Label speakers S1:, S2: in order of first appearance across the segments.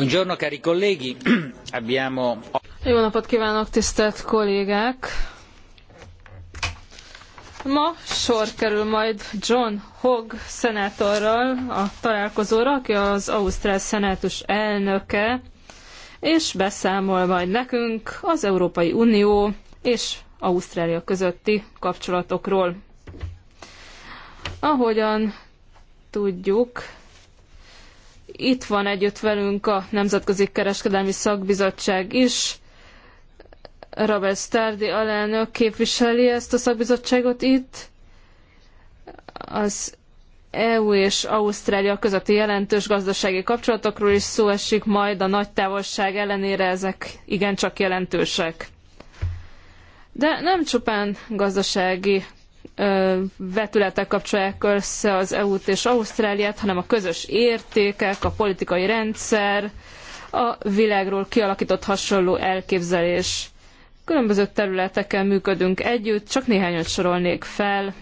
S1: Buongiorno cari colleghi, abbiamo... Jó napot kívánok, tisztelt kollégák! Ma sor kerül majd John Hogg szenátorral a találkozóra, aki az Ausztrál szenátus elnöke, és beszámol majd nekünk az Európai Unió és Ausztrália közötti kapcsolatokról. Ahogyan tudjuk, itt van együtt velünk a Nemzetközi Kereskedelmi Szakbizottság is. Robert Stardi alelnök képviseli ezt a szakbizottságot itt. Az EU és Ausztrália közötti jelentős gazdasági kapcsolatokról is szó esik, majd a nagy távolság ellenére ezek igencsak jelentősek. De nem csupán gazdasági vetületek kapcsolják össze az EU-t és Ausztráliát, hanem a közös értékek, a politikai rendszer, a világról kialakított hasonló elképzelés. Különböző területeken működünk együtt, csak néhányat sorolnék fel.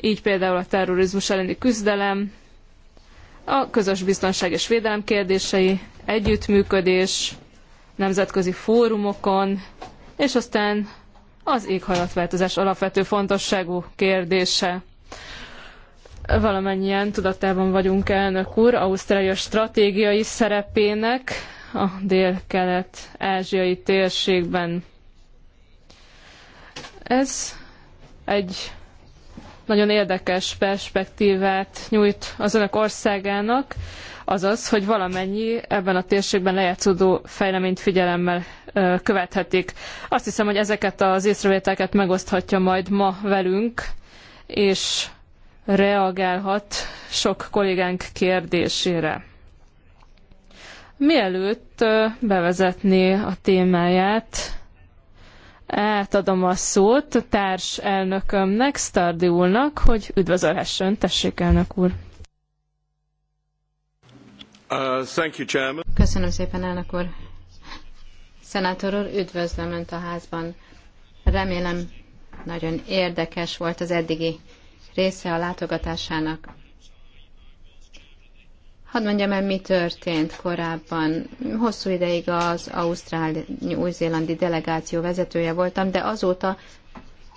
S1: Így például a terrorizmus elleni küzdelem, a közös biztonság és védelem kérdései, együttműködés, nemzetközi fórumokon, és aztán az éghajlatváltozás alapvető fontosságú kérdése. Valamennyien tudatában vagyunk, elnök úr, Ausztrália stratégiai szerepének a dél-kelet-ázsiai térségben. Ez egy nagyon érdekes perspektívát nyújt az önök országának, azaz, hogy valamennyi ebben a térségben lejátszódó fejleményt figyelemmel követhetik. Azt hiszem, hogy ezeket az észrevételeket megoszthatja majd ma velünk, és reagálhat sok kollégánk kérdésére. Mielőtt bevezetné a témáját, átadom a szót társ elnökömnek, Stardi úrnak, hogy
S2: üdvözölhessen. Tessék, elnök úr! Uh, Köszönöm szépen, elnök úr. Szenátor úr, üdvözlöm Önt a házban. Remélem nagyon érdekes volt az eddigi része a látogatásának. Hadd mondjam el, mi történt korábban. Hosszú ideig az Ausztrál-Új-Zélandi delegáció vezetője voltam, de azóta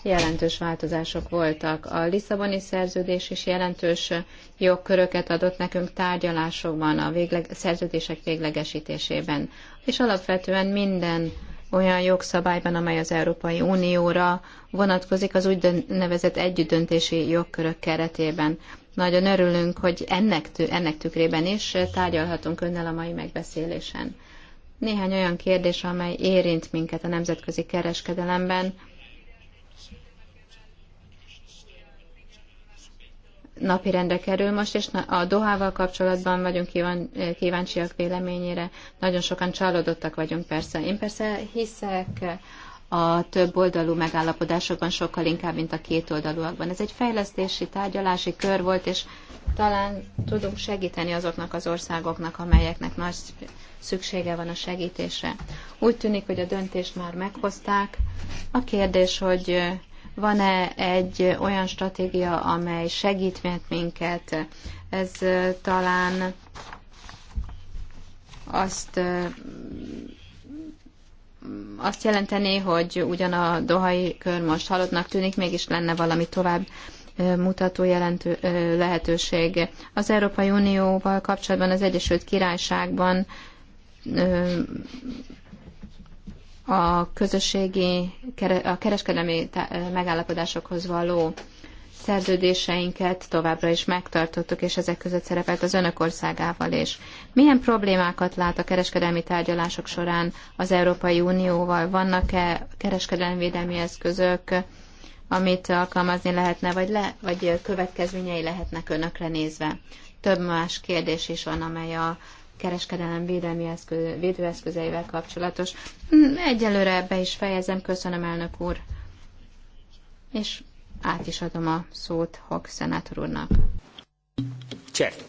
S2: jelentős változások voltak. A Lisszaboni szerződés is jelentős jogköröket adott nekünk tárgyalásokban, a végleg, szerződések véglegesítésében, és alapvetően minden olyan jogszabályban, amely az Európai Unióra vonatkozik az úgynevezett együttdöntési jogkörök keretében. Nagyon örülünk, hogy ennek, ennek tükrében is tárgyalhatunk önnel a mai megbeszélésen. Néhány olyan kérdés, amely érint minket a nemzetközi kereskedelemben, rendre kerül most, és a Dohával kapcsolatban vagyunk kíváncsiak véleményére. Nagyon sokan csalódottak vagyunk persze. Én persze hiszek a több oldalú megállapodásokban sokkal inkább, mint a két oldalúakban. Ez egy fejlesztési, tárgyalási kör volt, és talán tudunk segíteni azoknak az országoknak, amelyeknek nagy szüksége van a segítésre. Úgy tűnik, hogy a döntést már meghozták. A kérdés, hogy van-e egy olyan stratégia, amely segít minket? Ez talán azt azt jelenteni, hogy ugyan a dohai kör most halottnak tűnik, mégis lenne valami tovább mutató jelentő, lehetőség. Az Európai Unióval kapcsolatban az Egyesült Királyságban a közösségi, a kereskedelmi megállapodásokhoz való szerződéseinket továbbra is megtartottuk, és ezek között szerepelt az önök országával is. Milyen problémákat lát a kereskedelmi tárgyalások során az Európai Unióval? Vannak-e kereskedelmi védelmi eszközök, amit alkalmazni lehetne, vagy, le, vagy következményei lehetnek önökre nézve? Több más kérdés is van, amely a kereskedelem védelmi eszköz, védőeszközeivel kapcsolatos. Egyelőre be is fejezem, köszönöm elnök úr, és át is adom a szót Hog szenátor úrnak. Certo.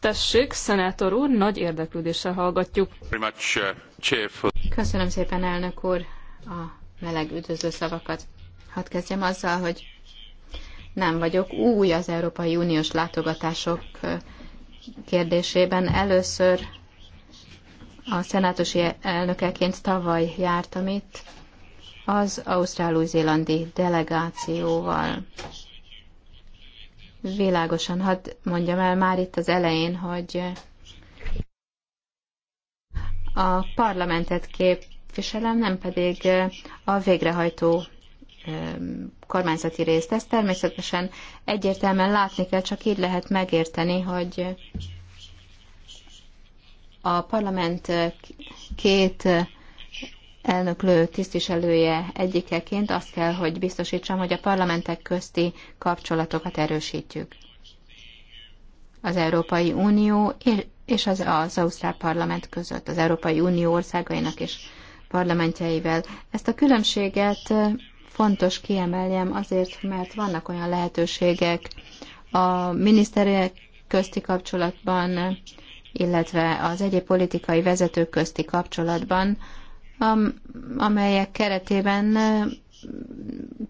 S2: Tessék, szenátor úr, nagy érdeklődéssel hallgatjuk. Uh, köszönöm szépen, elnök úr, a meleg üdvözlő szavakat. Hadd kezdjem azzal, hogy nem vagyok új az Európai Uniós látogatások kérdésében először a szenátusi elnökeként tavaly jártam itt az ausztrál-új-zélandi delegációval. Világosan, hadd mondjam el már itt az elején, hogy a parlamentet képviselem, nem pedig a végrehajtó kormányzati részt. Ezt természetesen egyértelműen látni kell, csak így lehet megérteni, hogy a parlament két elnöklő tisztviselője egyikeként azt kell, hogy biztosítsam, hogy a parlamentek közti kapcsolatokat erősítjük. Az Európai Unió és az, az Ausztrál Parlament között, az Európai Unió országainak és parlamentjeivel. Ezt a különbséget fontos kiemeljem azért, mert vannak olyan lehetőségek a miniszterek közti kapcsolatban, illetve az egyéb politikai vezetők közti kapcsolatban, amelyek keretében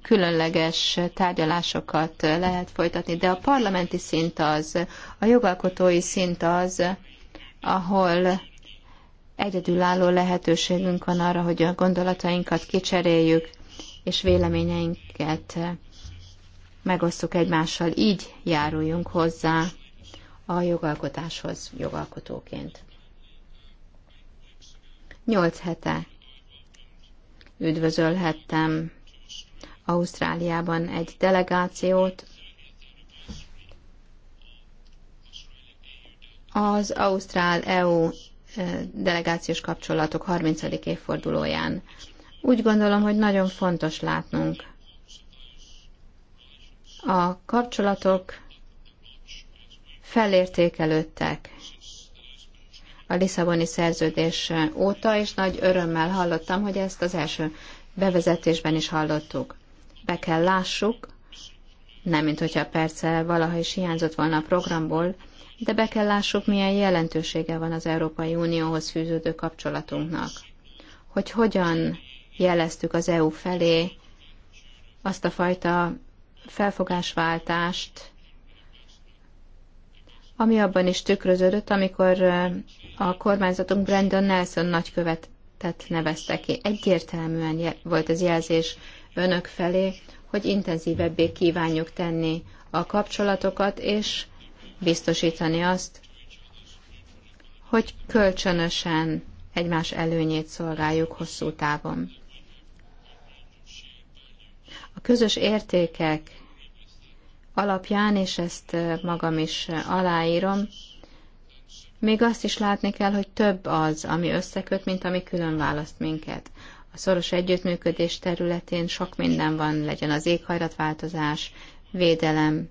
S2: különleges tárgyalásokat lehet folytatni, de a parlamenti szint az, a jogalkotói szint az, ahol egyedülálló lehetőségünk van arra, hogy a gondolatainkat kicseréljük, és véleményeinket megosztjuk egymással, így járuljunk hozzá a jogalkotáshoz jogalkotóként. Nyolc hete üdvözölhettem Ausztráliában egy delegációt, az Ausztrál-EU eh, delegációs kapcsolatok 30. évfordulóján úgy gondolom, hogy nagyon fontos látnunk. A kapcsolatok felértékelődtek a Lisszaboni szerződés óta, és nagy örömmel hallottam, hogy ezt az első bevezetésben is hallottuk. Be kell lássuk, nem mint hogyha perce valaha is hiányzott volna a programból, de be kell lássuk, milyen jelentősége van az Európai Unióhoz fűződő kapcsolatunknak. Hogy hogyan jeleztük az EU felé azt a fajta felfogásváltást, ami abban is tükröződött, amikor a kormányzatunk Brandon Nelson nagykövetet nevezte ki. Egyértelműen volt az jelzés önök felé, hogy intenzívebbé kívánjuk tenni a kapcsolatokat, és biztosítani azt, hogy kölcsönösen egymás előnyét szolgáljuk hosszú távon. A közös értékek alapján, és ezt magam is aláírom, még azt is látni kell, hogy több az, ami összeköt, mint ami külön választ minket. A szoros együttműködés területén sok minden van, legyen az éghajlatváltozás, védelem.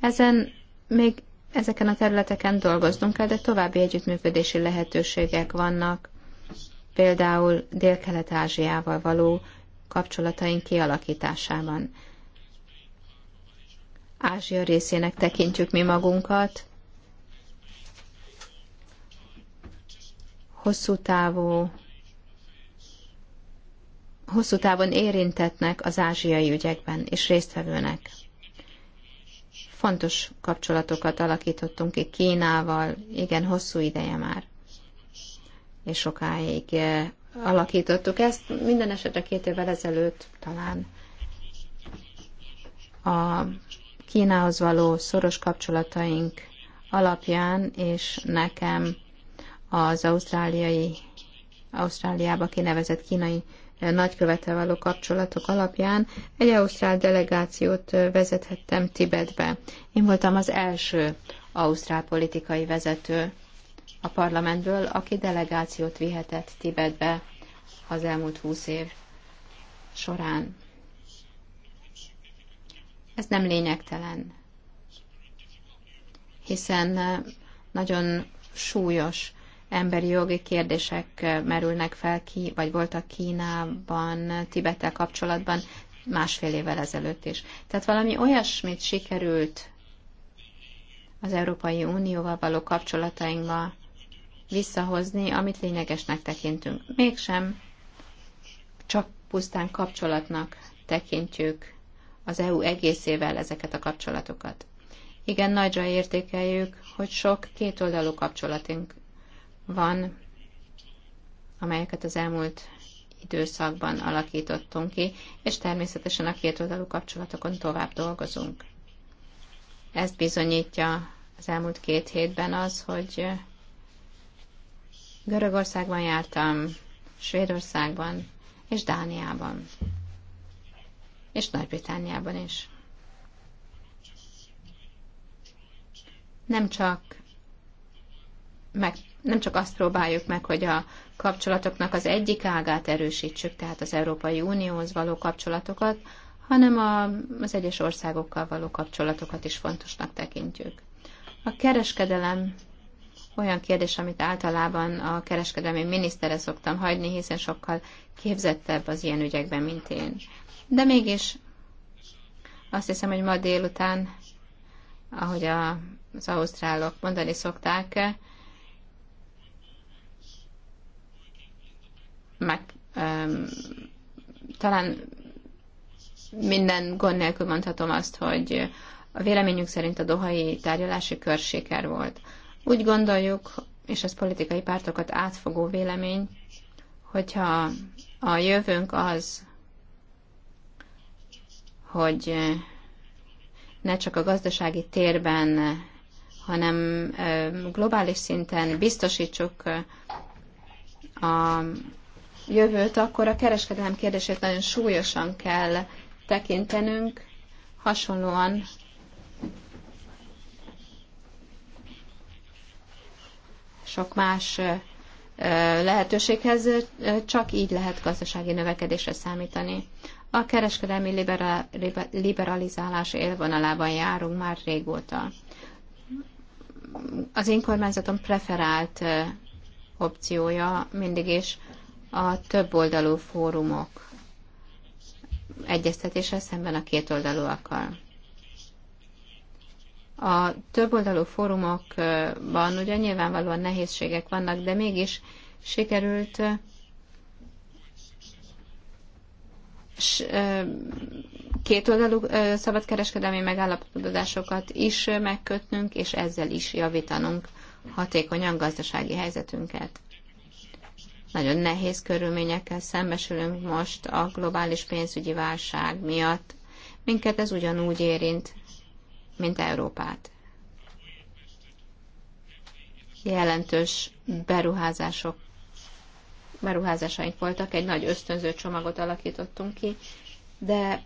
S2: Ezen még ezeken a területeken dolgoznunk kell, de további együttműködési lehetőségek vannak például Dél-Kelet-Ázsiával való kapcsolataink kialakításában. Ázsia részének tekintjük mi magunkat, hosszú távú hosszú távon érintetnek az ázsiai ügyekben és résztvevőnek. Fontos kapcsolatokat alakítottunk ki Kínával, igen, hosszú ideje már és sokáig eh, alakítottuk ezt. Minden esetre két évvel ezelőtt talán a Kínához való szoros kapcsolataink alapján, és nekem az ausztráliai, Ausztráliába kinevezett kínai eh, nagykövete való kapcsolatok alapján egy ausztrál delegációt eh, vezethettem Tibetbe. Én voltam az első ausztrál politikai vezető, a parlamentből, aki delegációt vihetett Tibetbe az elmúlt húsz év során. Ez nem lényegtelen, hiszen eh, nagyon súlyos emberi jogi kérdések eh, merülnek fel, ki, vagy voltak Kínában, Tibettel kapcsolatban másfél évvel ezelőtt is. Tehát valami olyasmit sikerült az Európai Unióval való kapcsolatainkban visszahozni, amit lényegesnek tekintünk. Mégsem csak pusztán kapcsolatnak tekintjük az EU egészével ezeket a kapcsolatokat. Igen, nagyra értékeljük, hogy sok kétoldalú kapcsolatunk van, amelyeket az elmúlt időszakban alakítottunk ki, és természetesen a kétoldalú kapcsolatokon tovább dolgozunk. Ezt bizonyítja az elmúlt két hétben az, hogy Görögországban jártam, Svédországban és Dániában. És Nagy-Britániában is. Nem csak, meg, nem csak azt próbáljuk meg, hogy a kapcsolatoknak az egyik ágát erősítsük, tehát az Európai Unióhoz való kapcsolatokat, hanem a, az egyes országokkal való kapcsolatokat is fontosnak tekintjük. A kereskedelem olyan kérdés, amit általában a kereskedelmi minisztere szoktam hagyni, hiszen sokkal képzettebb az ilyen ügyekben, mint én. De mégis azt hiszem, hogy ma délután, ahogy a, az ausztrálok mondani szokták, meg um, talán minden gond nélkül mondhatom azt, hogy a véleményünk szerint a dohai tárgyalási kör siker volt. Úgy gondoljuk, és ez politikai pártokat átfogó vélemény, hogyha a jövőnk az, hogy ne csak a gazdasági térben, hanem globális szinten biztosítsuk a jövőt, akkor a kereskedelem kérdését nagyon súlyosan kell tekintenünk, hasonlóan sok más lehetőséghez, csak így lehet gazdasági növekedésre számítani. A kereskedelmi liberalizálás élvonalában járunk már régóta. Az én kormányzatom preferált opciója mindig is a többoldalú fórumok egyeztetése szemben a kétoldalúakkal. A többoldalú fórumokban ugye nyilvánvalóan nehézségek vannak, de mégis sikerült kétoldalú szabadkereskedelmi megállapodásokat is megkötnünk, és ezzel is javítanunk hatékonyan gazdasági helyzetünket. Nagyon nehéz körülményekkel szembesülünk most a globális pénzügyi válság miatt. Minket ez ugyanúgy érint, mint Európát. Jelentős beruházások, beruházásaink voltak, egy nagy ösztönző csomagot alakítottunk ki, de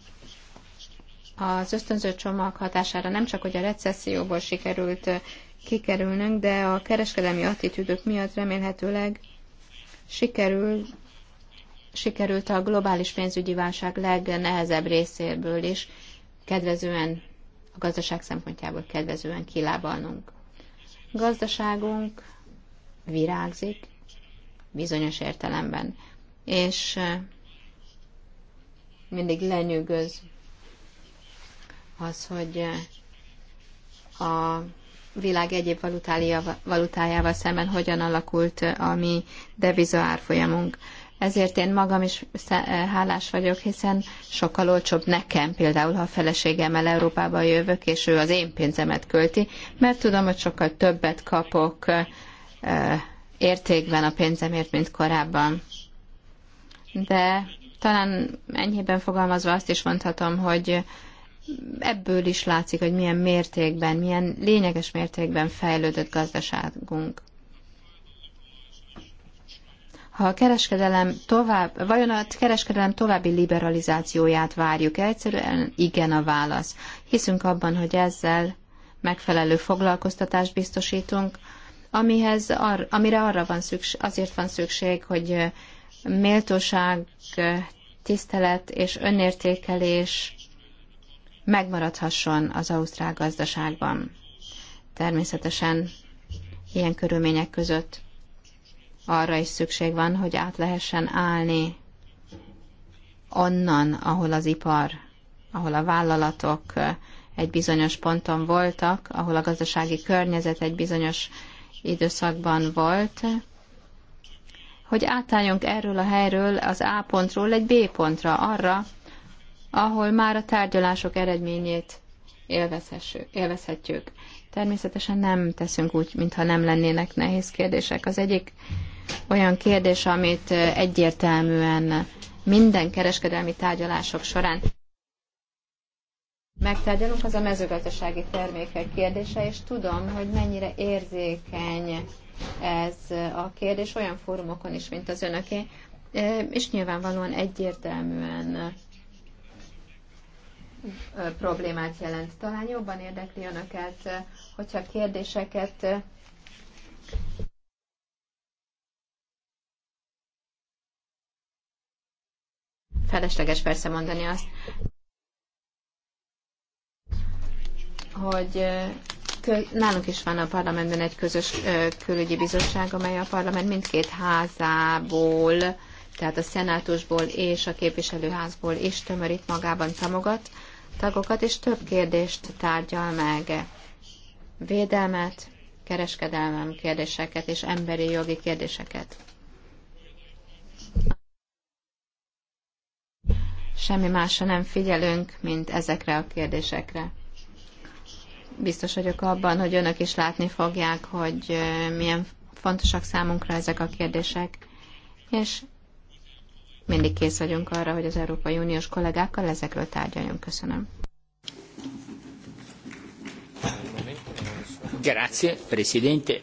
S2: az ösztönző csomag hatására nem csak, hogy a recesszióból sikerült kikerülnünk, de a kereskedelmi attitűdök miatt remélhetőleg sikerül, sikerült a globális pénzügyi válság legnehezebb részéből is kedvezően a gazdaság szempontjából kedvezően kilábalnunk. A gazdaságunk virágzik bizonyos értelemben, és eh, mindig lenyűgöz az, hogy eh, a világ egyéb valutájával szemben hogyan alakult eh, a mi deviza árfolyamunk. Ezért én magam is eh, hálás vagyok, hiszen sokkal olcsóbb nekem, például ha a feleségemmel Európába jövök, és ő az én pénzemet költi, mert tudom, hogy sokkal többet kapok eh, eh, értékben a pénzemért, mint korábban. De talán ennyiben fogalmazva azt is mondhatom, hogy ebből is látszik, hogy milyen mértékben, milyen lényeges mértékben fejlődött gazdaságunk ha a kereskedelem tovább, vajon a kereskedelem további liberalizációját várjuk -e? Egyszerűen igen a válasz. Hiszünk abban, hogy ezzel megfelelő foglalkoztatást biztosítunk, amihez ar, amire arra van szükség, azért van szükség, hogy méltóság, tisztelet és önértékelés megmaradhasson az ausztrál gazdaságban. Természetesen ilyen körülmények között arra is szükség van, hogy át lehessen állni onnan, ahol az ipar, ahol a vállalatok egy bizonyos ponton voltak, ahol a gazdasági környezet egy bizonyos időszakban volt, hogy átálljunk erről a helyről, az A pontról egy B pontra, arra, ahol már a tárgyalások eredményét élvezhetjük. Természetesen nem teszünk úgy, mintha nem lennének nehéz kérdések. Az egyik olyan kérdés, amit egyértelműen minden kereskedelmi tárgyalások során megtárgyalunk, az a mezőgazdasági termékek kérdése, és tudom, hogy mennyire érzékeny ez a kérdés olyan fórumokon is, mint az önöké, és nyilvánvalóan egyértelműen problémát jelent. Talán jobban érdekli önöket, hogyha kérdéseket felesleges persze mondani azt, hogy nálunk is van a parlamentben egy közös külügyi bizottság, amely a parlament mindkét házából, tehát a szenátusból és a képviselőházból is tömörít magában tamogat, tagokat, és több kérdést tárgyal meg. Védelmet, kereskedelmem kérdéseket és emberi jogi kérdéseket. semmi másra nem figyelünk, mint ezekre a kérdésekre. Biztos vagyok abban, hogy önök is látni fogják, hogy milyen fontosak számunkra ezek a kérdések, és mindig kész vagyunk arra, hogy az Európai Uniós kollégákkal ezekről tárgyaljunk. Köszönöm.
S1: Grazie, Presidente.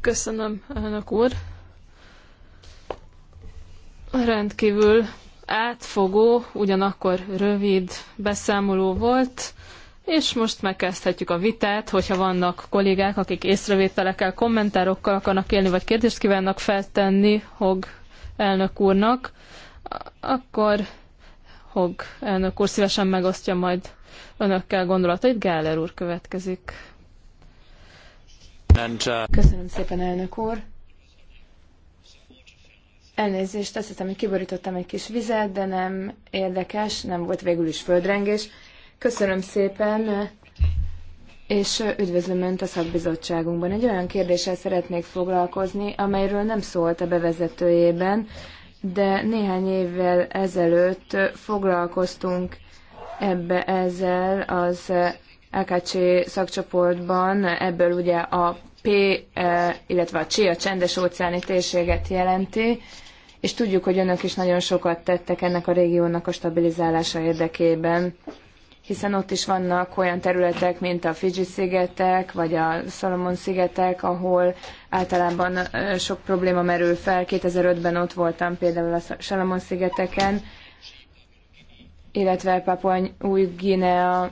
S2: Köszönöm, elnök úr.
S1: Rendkívül átfogó, ugyanakkor rövid beszámoló volt, és most megkezdhetjük a vitát, hogyha vannak kollégák, akik észrevételekkel, kommentárokkal akarnak élni, vagy kérdést kívánnak feltenni Hog elnök úrnak, akkor Hog elnök úr szívesen megosztja majd önökkel gondolatait. Gáler úr következik.
S2: Uh, Köszönöm
S3: szépen, elnök úr. Elnézést, azt hiszem, hogy kiborítottam egy kis vizet, de nem érdekes, nem volt végül is földrengés. Köszönöm szépen, és üdvözlöm Önt a szakbizottságunkban. Egy olyan kérdéssel szeretnék foglalkozni, amelyről nem szólt a bevezetőjében, de néhány évvel ezelőtt foglalkoztunk ebbe ezzel az AKC szakcsoportban, ebből ugye a P, eh, illetve a C a csendes óceáni térséget jelenti, és tudjuk, hogy önök is nagyon sokat tettek ennek a régiónak a stabilizálása érdekében, hiszen ott is vannak olyan területek, mint a Fidzsi-szigetek, vagy a Szolomon-szigetek, ahol általában sok probléma merül fel. 2005-ben ott voltam például a Salomon-szigeteken, illetve Papua új Guinea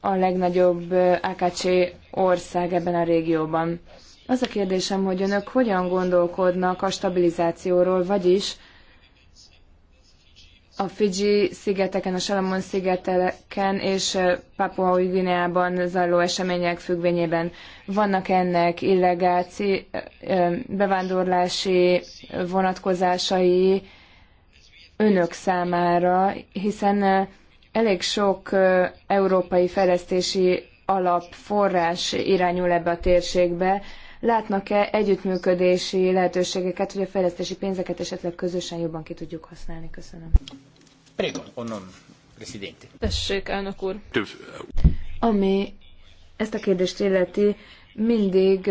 S3: a legnagyobb AKC ország ebben a régióban. Az a kérdésem, hogy önök hogyan gondolkodnak a stabilizációról, vagyis a Fidzsi szigeteken, a Salamon szigeteken és Papua új Guineában zajló események függvényében vannak ennek illegáci bevándorlási vonatkozásai önök számára, hiszen elég sok európai fejlesztési alapforrás irányul ebbe a térségbe, Látnak-e együttműködési lehetőségeket, hogy a fejlesztési pénzeket esetleg közösen jobban ki tudjuk használni? Köszönöm.
S1: Prego, onnan, presidente. Tessék, elnök úr.
S3: Ami ezt a kérdést illeti, mindig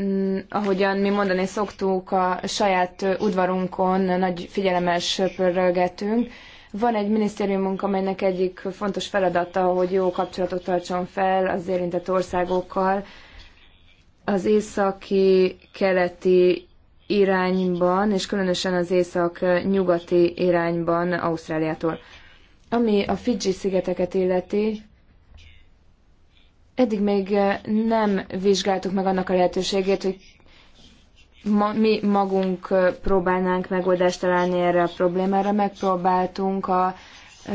S3: mm, ahogyan mi mondani szoktuk, a saját udvarunkon nagy figyelemmel söpörölgetünk. Van egy minisztériumunk, amelynek egyik fontos feladata, hogy jó kapcsolatot tartson fel az érintett országokkal, az északi keleti irányban, és különösen az észak-nyugati irányban Ausztráliától. Ami a Fidzsi szigeteket illeti, eddig még nem vizsgáltuk meg annak a lehetőségét, hogy ma, mi magunk próbálnánk megoldást találni erre a problémára. Megpróbáltunk a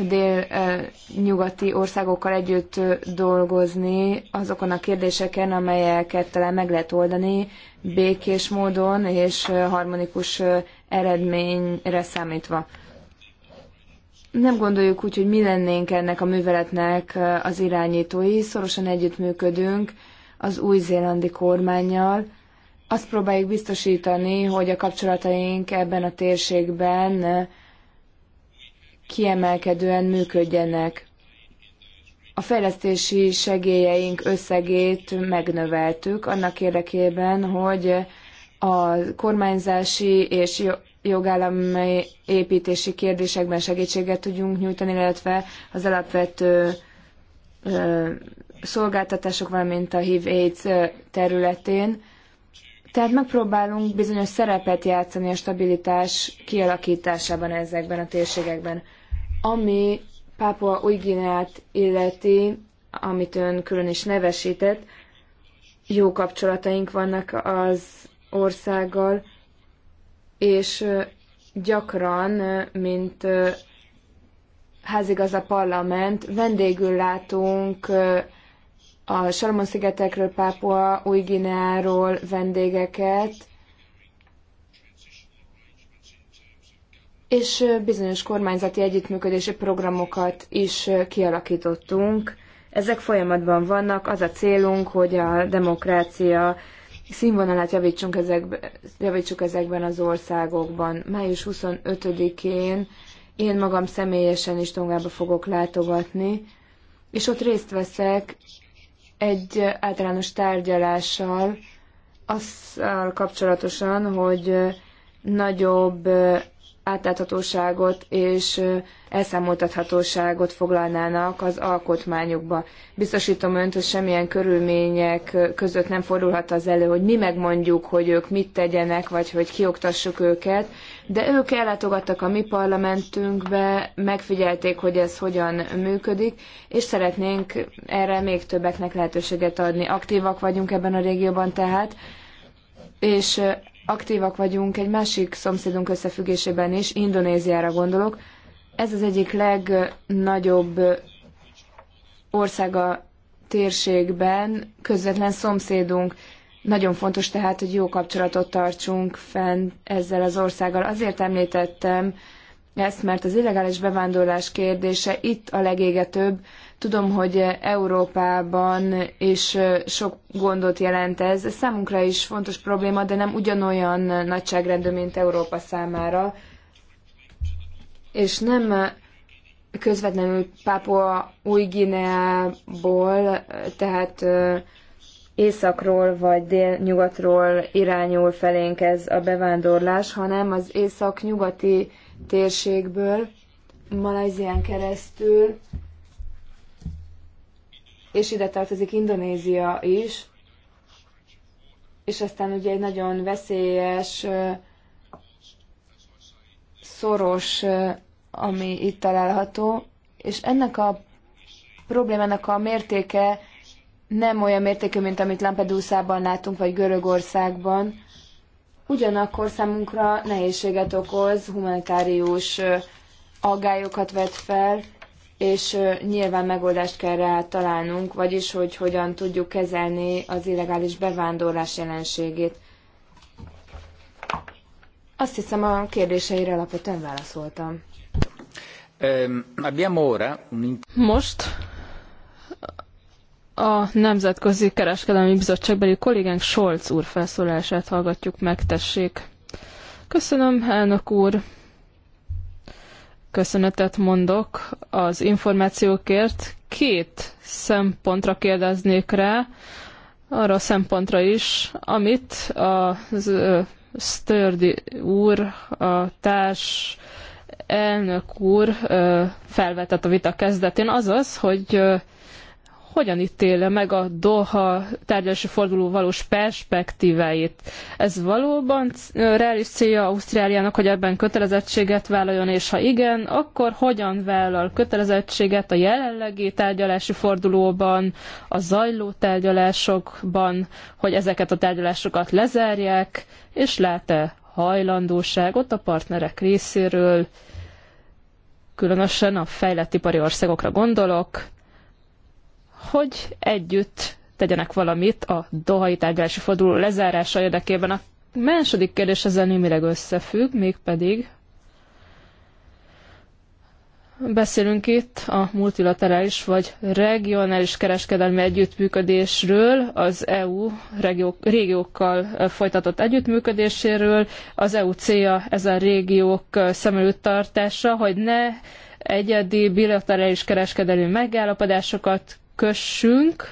S3: dél-nyugati országokkal együtt dolgozni azokon a kérdéseken, amelyeket talán meg lehet oldani békés módon és harmonikus eredményre számítva. Nem gondoljuk úgy, hogy mi lennénk ennek a műveletnek az irányítói, szorosan együttműködünk az új-zélandi kormányjal, azt próbáljuk biztosítani, hogy a kapcsolataink ebben a térségben kiemelkedően működjenek. A fejlesztési segélyeink összegét megnöveltük annak érdekében, hogy a kormányzási és jogállami építési kérdésekben segítséget tudjunk nyújtani, illetve az alapvető szolgáltatások, valamint a HIV-AIDS területén. Tehát megpróbálunk bizonyos szerepet játszani a stabilitás kialakításában ezekben a térségekben. Ami Pápua Uiginát illeti, amit ön külön is nevesített, jó kapcsolataink vannak az országgal, és gyakran, mint házigazda parlament, vendégül látunk a Salomon-szigetekről, Pápua, Új-Gineáról vendégeket, és bizonyos kormányzati együttműködési programokat is kialakítottunk. Ezek folyamatban vannak, az a célunk, hogy a demokrácia színvonalát javítsunk ezekben, javítsuk ezekben az országokban. Május 25-én én magam személyesen is Tongába fogok látogatni, és ott részt veszek egy általános tárgyalással, azzal kapcsolatosan, hogy nagyobb átláthatóságot és elszámoltathatóságot foglalnának az alkotmányukba. Biztosítom önt, hogy semmilyen körülmények között nem fordulhat az elő, hogy mi megmondjuk, hogy ők mit tegyenek, vagy hogy kioktassuk őket, de ők ellátogattak a mi parlamentünkbe, megfigyelték, hogy ez hogyan működik, és szeretnénk erre még többeknek lehetőséget adni. Aktívak vagyunk ebben a régióban tehát, és aktívak vagyunk egy másik szomszédunk összefüggésében is, Indonéziára gondolok. Ez az egyik legnagyobb ország a térségben, közvetlen szomszédunk. Nagyon fontos tehát, hogy jó kapcsolatot tartsunk fenn ezzel az országgal. Azért említettem ezt, mert az illegális bevándorlás kérdése itt a legégetőbb, Tudom, hogy Európában is sok gondot jelent ez. ez számunkra is fontos probléma, de nem ugyanolyan nagyságrendű, mint Európa számára. És nem közvetlenül Pápua Új-Gineából, tehát északról vagy délnyugatról irányul felénk ez a bevándorlás, hanem az észak-nyugati térségből, Malajzián keresztül és ide tartozik Indonézia is, és aztán ugye egy nagyon veszélyes, szoros, ami itt található, és ennek a problémának a mértéke nem olyan mértékű, mint amit Lampedusa-ban látunk, vagy Görögországban. Ugyanakkor számunkra nehézséget okoz, humanitárius aggályokat vet fel, és nyilván megoldást kell rá találnunk, vagyis hogy hogyan tudjuk kezelni az illegális bevándorlás jelenségét. Azt hiszem a kérdéseire alapvetően válaszoltam. Ehm, Most
S1: a Nemzetközi Kereskedelmi Bizottságbeli kollégánk Scholz úr felszólását hallgatjuk meg, tessék. Köszönöm, elnök úr köszönetet mondok az információkért. Két szempontra kérdeznék rá, arra a szempontra is, amit a Stördi úr, a társ elnök úr felvetett a vita kezdetén, azaz, hogy hogyan ítéle meg a Doha tárgyalási forduló valós perspektíváit. Ez valóban reális célja Ausztráliának, hogy ebben kötelezettséget vállaljon, és ha igen, akkor hogyan vállal kötelezettséget a jelenlegi tárgyalási fordulóban, a zajló tárgyalásokban, hogy ezeket a tárgyalásokat lezárják, és lát-e hajlandóságot a partnerek részéről, különösen a fejlett ipari országokra gondolok, hogy együtt tegyenek valamit a dohai tárgyalási forduló lezárása érdekében. A második kérdés ezzel némileg összefügg, mégpedig Beszélünk itt a multilaterális vagy regionális kereskedelmi együttműködésről, az EU regiók, régiókkal folytatott együttműködéséről. Az EU célja ezen régiók szem előtt tartása, hogy ne egyedi bilaterális kereskedelmi megállapodásokat kössünk,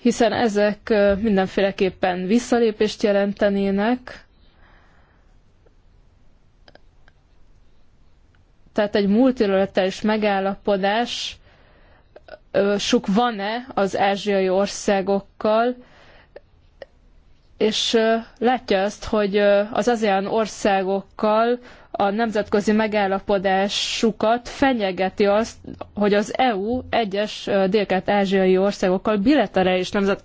S1: hiszen ezek mindenféleképpen visszalépést jelentenének, tehát egy multilaterális megállapodás sok van-e az ázsiai országokkal, és látja azt, hogy az ASEAN országokkal a nemzetközi megállapodásukat fenyegeti azt, hogy az EU egyes délkelet-ázsiai országokkal bilaterális nemzet,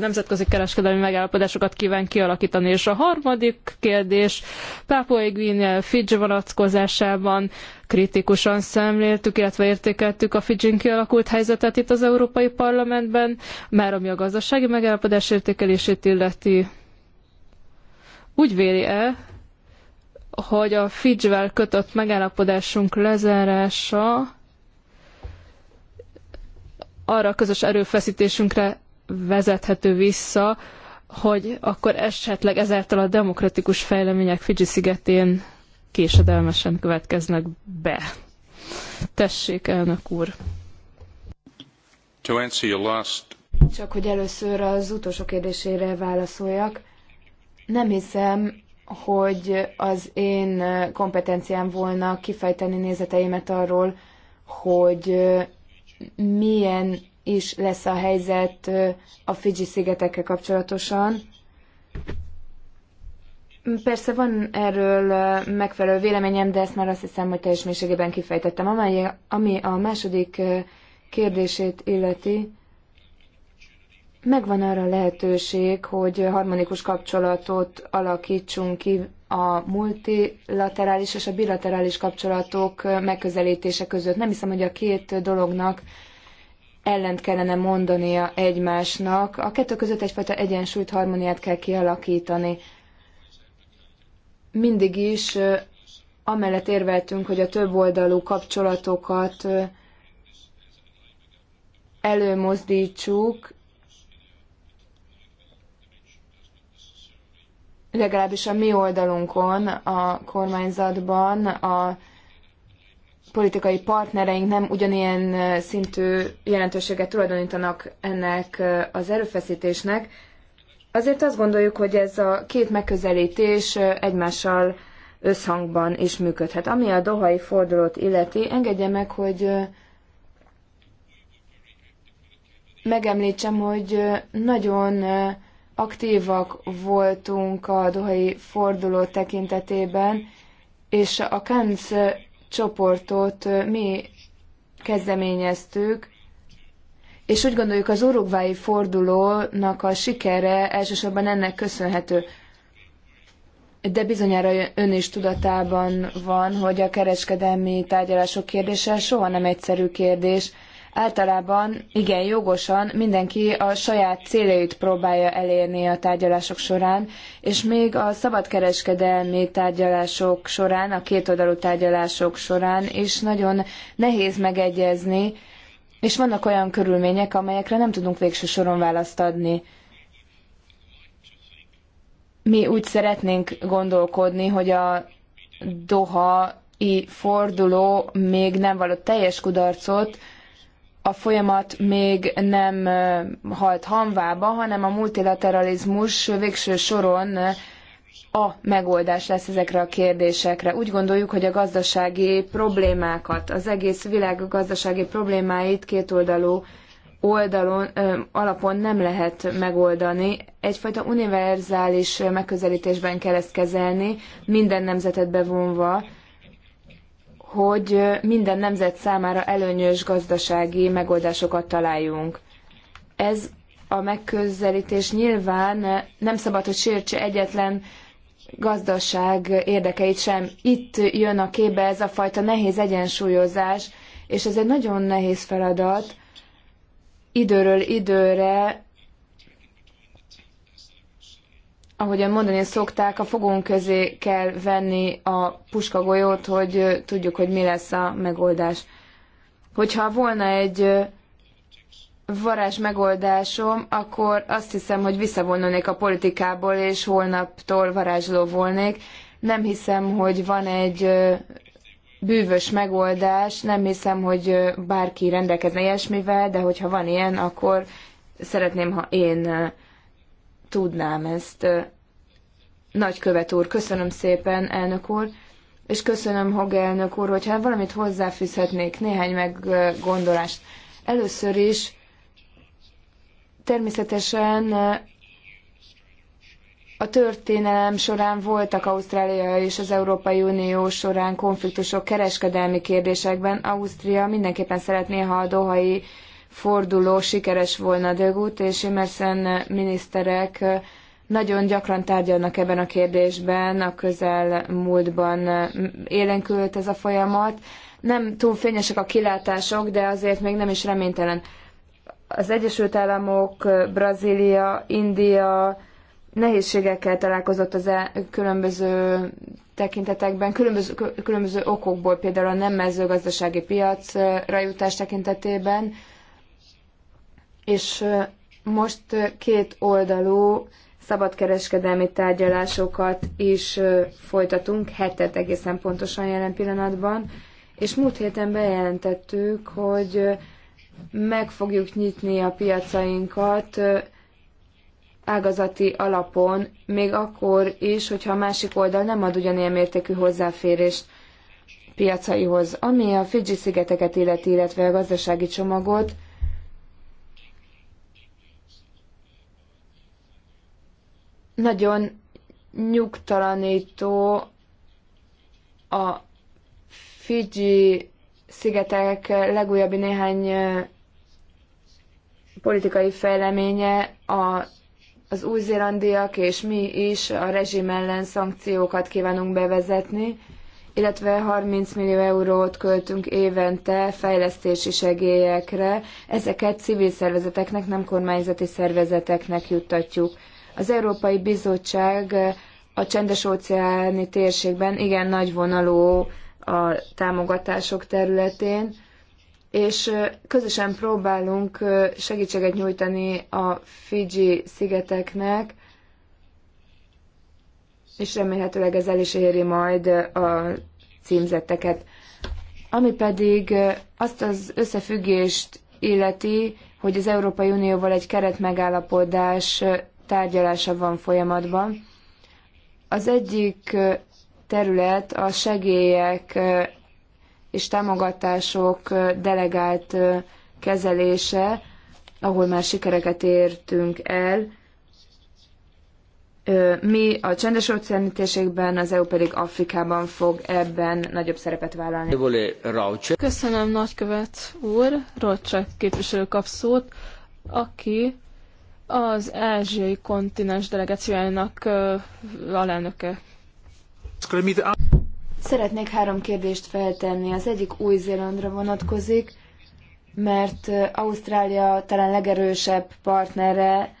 S1: nemzetközi kereskedelmi megállapodásokat kíván kialakítani. És a harmadik kérdés, Pápuai Guinea Fidzsi vonatkozásában kritikusan szemléltük, illetve értékeltük a Fidzsin kialakult helyzetet itt az Európai Parlamentben, már ami a gazdasági megállapodás értékelését illeti. Úgy véli-e, hogy a Fidzsvel kötött megállapodásunk lezárása arra a közös erőfeszítésünkre vezethető vissza, hogy akkor esetleg ezáltal a demokratikus fejlemények Fidzsi szigetén késedelmesen következnek be. Tessék, elnök úr!
S3: Csak hogy először az utolsó kérdésére válaszoljak. Nem hiszem, hogy az én kompetenciám volna kifejteni nézeteimet arról, hogy milyen is lesz a helyzet a Fidzsi-szigetekkel kapcsolatosan. Persze van erről megfelelő véleményem, de ezt már azt hiszem, hogy teljes mélységében kifejtettem. Amely, ami a második kérdését illeti, megvan arra a lehetőség, hogy harmonikus kapcsolatot alakítsunk ki a multilaterális és a bilaterális kapcsolatok megközelítése között. Nem hiszem, hogy a két dolognak ellent kellene mondania egymásnak. A kettő között egyfajta egyensúlyt, harmóniát kell kialakítani. Mindig is amellett érveltünk, hogy a többoldalú kapcsolatokat előmozdítsuk, legalábbis a mi oldalunkon, a kormányzatban a politikai partnereink nem ugyanilyen szintű jelentőséget tulajdonítanak ennek az erőfeszítésnek. Azért azt gondoljuk, hogy ez a két megközelítés egymással összhangban is működhet. Ami a dohai fordulót illeti, engedje meg, hogy megemlítsem, hogy nagyon aktívak voltunk a dohai forduló tekintetében, és a KANC csoportot mi kezdeményeztük, és úgy gondoljuk az urugvái fordulónak a sikere elsősorban ennek köszönhető. De bizonyára ön is tudatában van, hogy a kereskedelmi tárgyalások kérdése soha nem egyszerű kérdés, Általában igen jogosan mindenki a saját céljait próbálja elérni a tárgyalások során, és még a szabadkereskedelmi tárgyalások során, a kétoldalú tárgyalások során is nagyon nehéz megegyezni, és vannak olyan körülmények, amelyekre nem tudunk végső soron választ adni mi úgy szeretnénk gondolkodni, hogy a Doha-i forduló még nem való teljes kudarcot, a folyamat még nem halt hanvába, hanem a multilateralizmus végső soron a megoldás lesz ezekre a kérdésekre. Úgy gondoljuk, hogy a gazdasági problémákat, az egész világ gazdasági problémáit kétoldalú oldalon, ö, alapon nem lehet megoldani. Egyfajta univerzális megközelítésben kell ezt kezelni, minden nemzetet bevonva, hogy minden nemzet számára előnyös gazdasági megoldásokat találjunk. Ez a megközelítés nyilván nem szabad, hogy sértse egyetlen gazdaság érdekeit sem. Itt jön a képbe ez a fajta nehéz egyensúlyozás, és ez egy nagyon nehéz feladat. Időről időre ahogyan mondani szokták, a fogunk közé kell venni a puskagolyót, hogy tudjuk, hogy mi lesz a megoldás. Hogyha volna egy varázs megoldásom, akkor azt hiszem, hogy visszavonulnék a politikából, és holnaptól varázsló volnék. Nem hiszem, hogy van egy bűvös megoldás, nem hiszem, hogy bárki rendelkezne ilyesmivel, de hogyha van ilyen, akkor szeretném, ha én tudnám ezt. Nagykövet úr, köszönöm szépen, elnök úr, és köszönöm, Hog elnök úr, hogyha valamit hozzáfűzhetnék, néhány meggondolást. Először is természetesen a történelem során voltak Ausztrália és az Európai Unió során konfliktusok kereskedelmi kérdésekben. Ausztria mindenképpen szeretné, ha a dohai forduló sikeres volna Dögut és Emerson miniszterek nagyon gyakran tárgyalnak ebben a kérdésben, a múltban élenkült ez a folyamat. Nem túl fényesek a kilátások, de azért még nem is reménytelen. Az Egyesült Államok, Brazília, India nehézségekkel találkozott az el, különböző tekintetekben, különböző, különböző okokból, például a nem mezőgazdasági piacra jutás tekintetében, és most két oldalú szabadkereskedelmi tárgyalásokat is folytatunk, hetet egészen pontosan jelen pillanatban, és múlt héten bejelentettük, hogy meg fogjuk nyitni a piacainkat ágazati alapon, még akkor is, hogyha a másik oldal nem ad ugyanilyen mértékű hozzáférést piacaihoz. Ami a Fidzsi szigeteket illeti, illetve a gazdasági csomagot, Nagyon nyugtalanító a fiji szigetek legújabb néhány politikai fejleménye a az új-zélandiak és mi is a rezsim ellen szankciókat kívánunk bevezetni, illetve 30 millió eurót költünk évente fejlesztési segélyekre. Ezeket civil szervezeteknek, nem kormányzati szervezeteknek juttatjuk. Az Európai Bizottság eh, a csendes-óceáni térségben igen nagyvonalú a támogatások területén, és eh, közösen próbálunk eh, segítséget nyújtani a Fiji szigeteknek, és remélhetőleg ez el is éri majd a címzetteket. Ami pedig azt az összefüggést illeti, hogy az Európai Unióval egy keretmegállapodás tárgyalása van folyamatban. Az egyik terület a segélyek és támogatások delegált kezelése, ahol már sikereket értünk el. Mi a csendes óceáni térségben, az EU pedig Afrikában fog ebben nagyobb szerepet vállalni. Köszönöm, nagykövet úr.
S1: Rocsak képviselő kap szót, aki az ázsiai
S3: kontinens delegációjának alelnöke. Szeretnék három kérdést feltenni. Az egyik Új-Zélandra vonatkozik, mert Ausztrália talán legerősebb partnere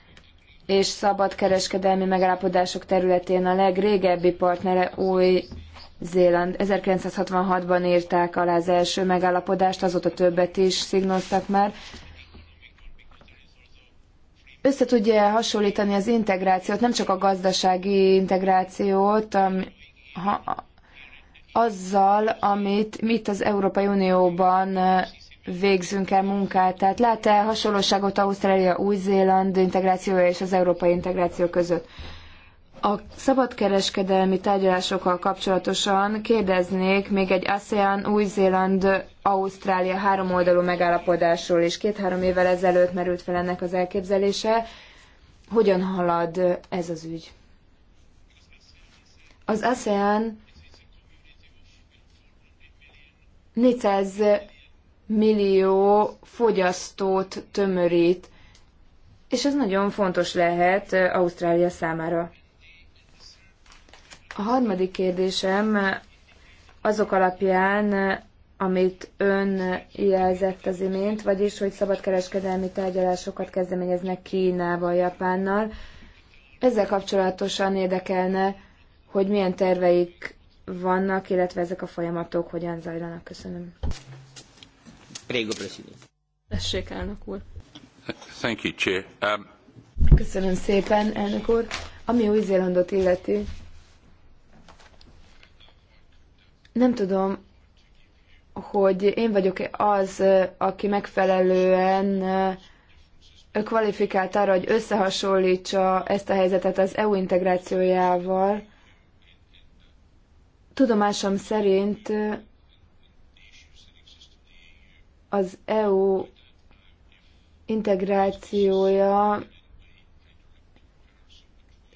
S3: és szabad kereskedelmi megállapodások területén a legrégebbi partnere Új-Zéland. 1966-ban írták alá az első megállapodást, azóta többet is szignoztak már össze tudja hasonlítani az integrációt, nem csak a gazdasági integrációt, ami, ha, azzal, amit mit az Európai Unióban végzünk el munkát. Tehát lát-e hasonlóságot Ausztrália, Új-Zéland integrációja és az európai integráció között? A szabadkereskedelmi tárgyalásokkal kapcsolatosan kérdeznék még egy ASEAN, Új-Zéland, Ausztrália háromoldalú megállapodásról is. Két-három évvel ezelőtt merült fel ennek az elképzelése. Hogyan halad ez az ügy? Az ASEAN 400 millió fogyasztót tömörít, és ez nagyon fontos lehet Ausztrália számára. A harmadik kérdésem azok alapján, amit ön jelzett az imént, vagyis, hogy szabadkereskedelmi tárgyalásokat kezdeményeznek Kínával, Japánnal. Ezzel kapcsolatosan érdekelne, hogy milyen terveik vannak, illetve ezek a folyamatok hogyan zajlanak. Köszönöm. Prégo, Tessék, elnök úr.
S1: Thank you, Chair. Um...
S3: Köszönöm szépen, elnök úr. Ami Új-Zélandot illeti, nem tudom, hogy én vagyok-e az, aki megfelelően kvalifikált arra, hogy összehasonlítsa ezt a helyzetet az EU integrációjával. Tudomásom szerint az EU integrációja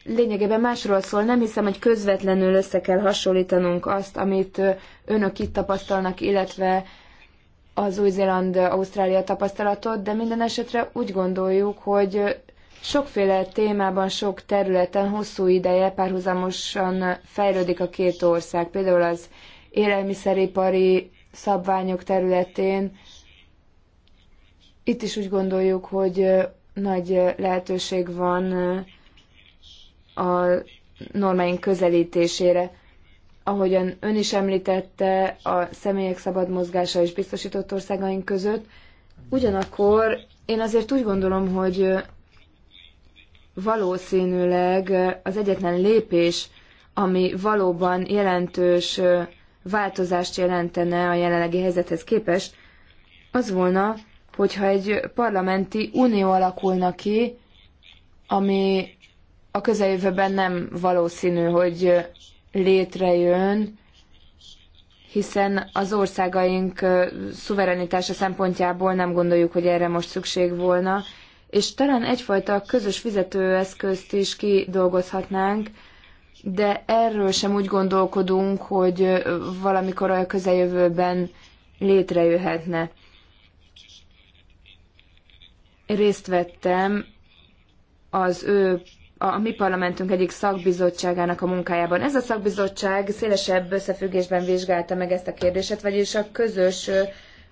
S3: lényegében másról szól. Nem hiszem, hogy közvetlenül össze kell hasonlítanunk azt, amit önök itt tapasztalnak, illetve az Új-Zéland-Ausztrália tapasztalatot, de minden esetre úgy gondoljuk, hogy sokféle témában, sok területen hosszú ideje párhuzamosan fejlődik a két ország. Például az élelmiszeripari szabványok területén. Itt is úgy gondoljuk, hogy nagy lehetőség van a normáink közelítésére. Ahogyan ön is említette, a személyek szabad mozgása is biztosított országaink között. Ugyanakkor én azért úgy gondolom, hogy valószínűleg az egyetlen lépés, ami valóban jelentős változást jelentene a jelenlegi helyzethez képest, az volna, hogyha egy parlamenti unió alakulna ki, ami a közeljövőben nem valószínű, hogy létrejön, hiszen az országaink szuverenitása szempontjából nem gondoljuk, hogy erre most szükség volna, és talán egyfajta közös fizetőeszközt is kidolgozhatnánk, de erről sem úgy gondolkodunk, hogy valamikor a közeljövőben létrejöhetne. Részt vettem az ő a mi parlamentünk egyik szakbizottságának a munkájában. Ez a szakbizottság szélesebb összefüggésben vizsgálta meg ezt a kérdéset, vagyis a közös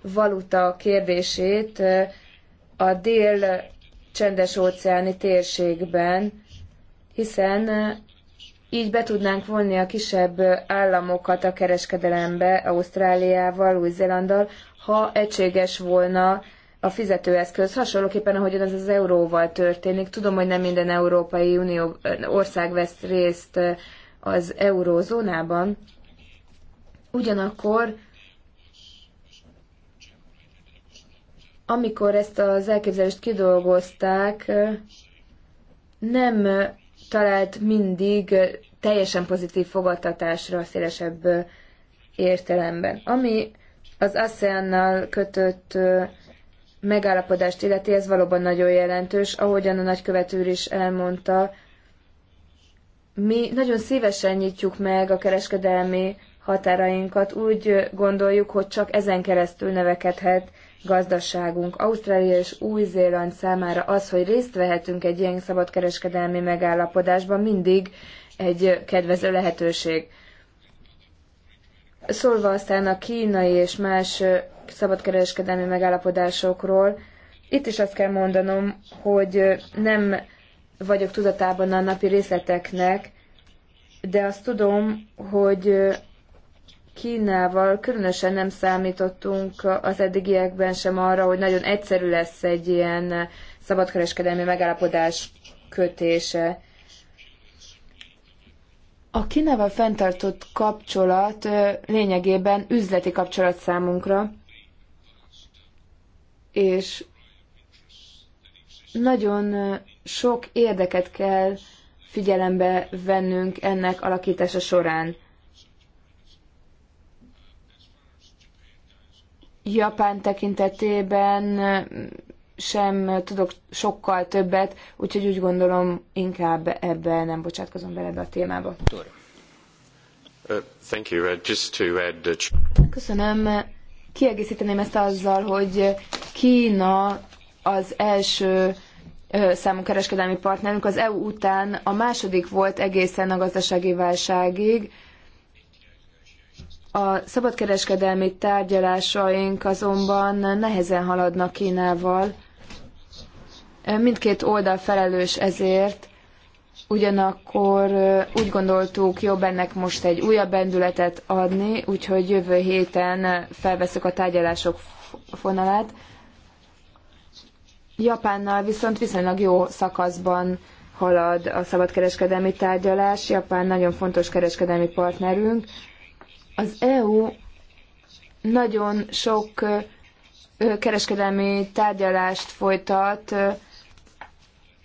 S3: valuta kérdését a dél csendes óceáni térségben, hiszen így be tudnánk vonni a kisebb államokat a kereskedelembe Ausztráliával, Új-Zélandal, ha egységes volna a fizetőeszköz, hasonlóképpen ahogyan ez az euróval történik. Tudom, hogy nem minden Európai Unió eh, ország vesz részt eh, az eurózónában, ugyanakkor amikor ezt az elképzelést kidolgozták, eh, nem talált mindig teljesen pozitív fogadtatásra a szélesebb értelemben. Ami az ASEAN-nal kötött megállapodást illeti, ez valóban nagyon jelentős, ahogyan a nagykövető is elmondta. Mi nagyon szívesen nyitjuk meg a kereskedelmi határainkat, úgy gondoljuk, hogy csak ezen keresztül növekedhet gazdaságunk. Ausztrália és Új-Zéland számára az, hogy részt vehetünk egy ilyen szabadkereskedelmi megállapodásban, mindig egy kedvező lehetőség. Szólva aztán a kínai és más szabadkereskedelmi megállapodásokról. Itt is azt kell mondanom, hogy nem vagyok tudatában a napi részleteknek, de azt tudom, hogy Kínával különösen nem számítottunk az eddigiekben sem arra, hogy nagyon egyszerű lesz egy ilyen szabadkereskedelmi megállapodás kötése. A Kínával fenntartott kapcsolat lényegében üzleti kapcsolat számunkra, és nagyon sok érdeket kell figyelembe vennünk ennek alakítása során. Japán tekintetében sem tudok sokkal többet, úgyhogy úgy gondolom inkább ebbe nem bocsátkozom bele a témába. Uh,
S1: uh,
S3: Köszönöm. Kiegészíteném ezt azzal, hogy Kína az első számú kereskedelmi partnerünk az EU után a második volt egészen a gazdasági válságig. A szabadkereskedelmi tárgyalásaink azonban nehezen haladnak Kínával. Mindkét oldal felelős ezért, Ugyanakkor úgy gondoltuk, jobb ennek most egy újabb bendületet adni, úgyhogy jövő héten felveszük a tárgyalások fonalát. Japánnal viszont viszonylag jó szakaszban halad a szabadkereskedelmi tárgyalás. Japán nagyon fontos kereskedelmi partnerünk. Az EU nagyon sok kereskedelmi tárgyalást folytat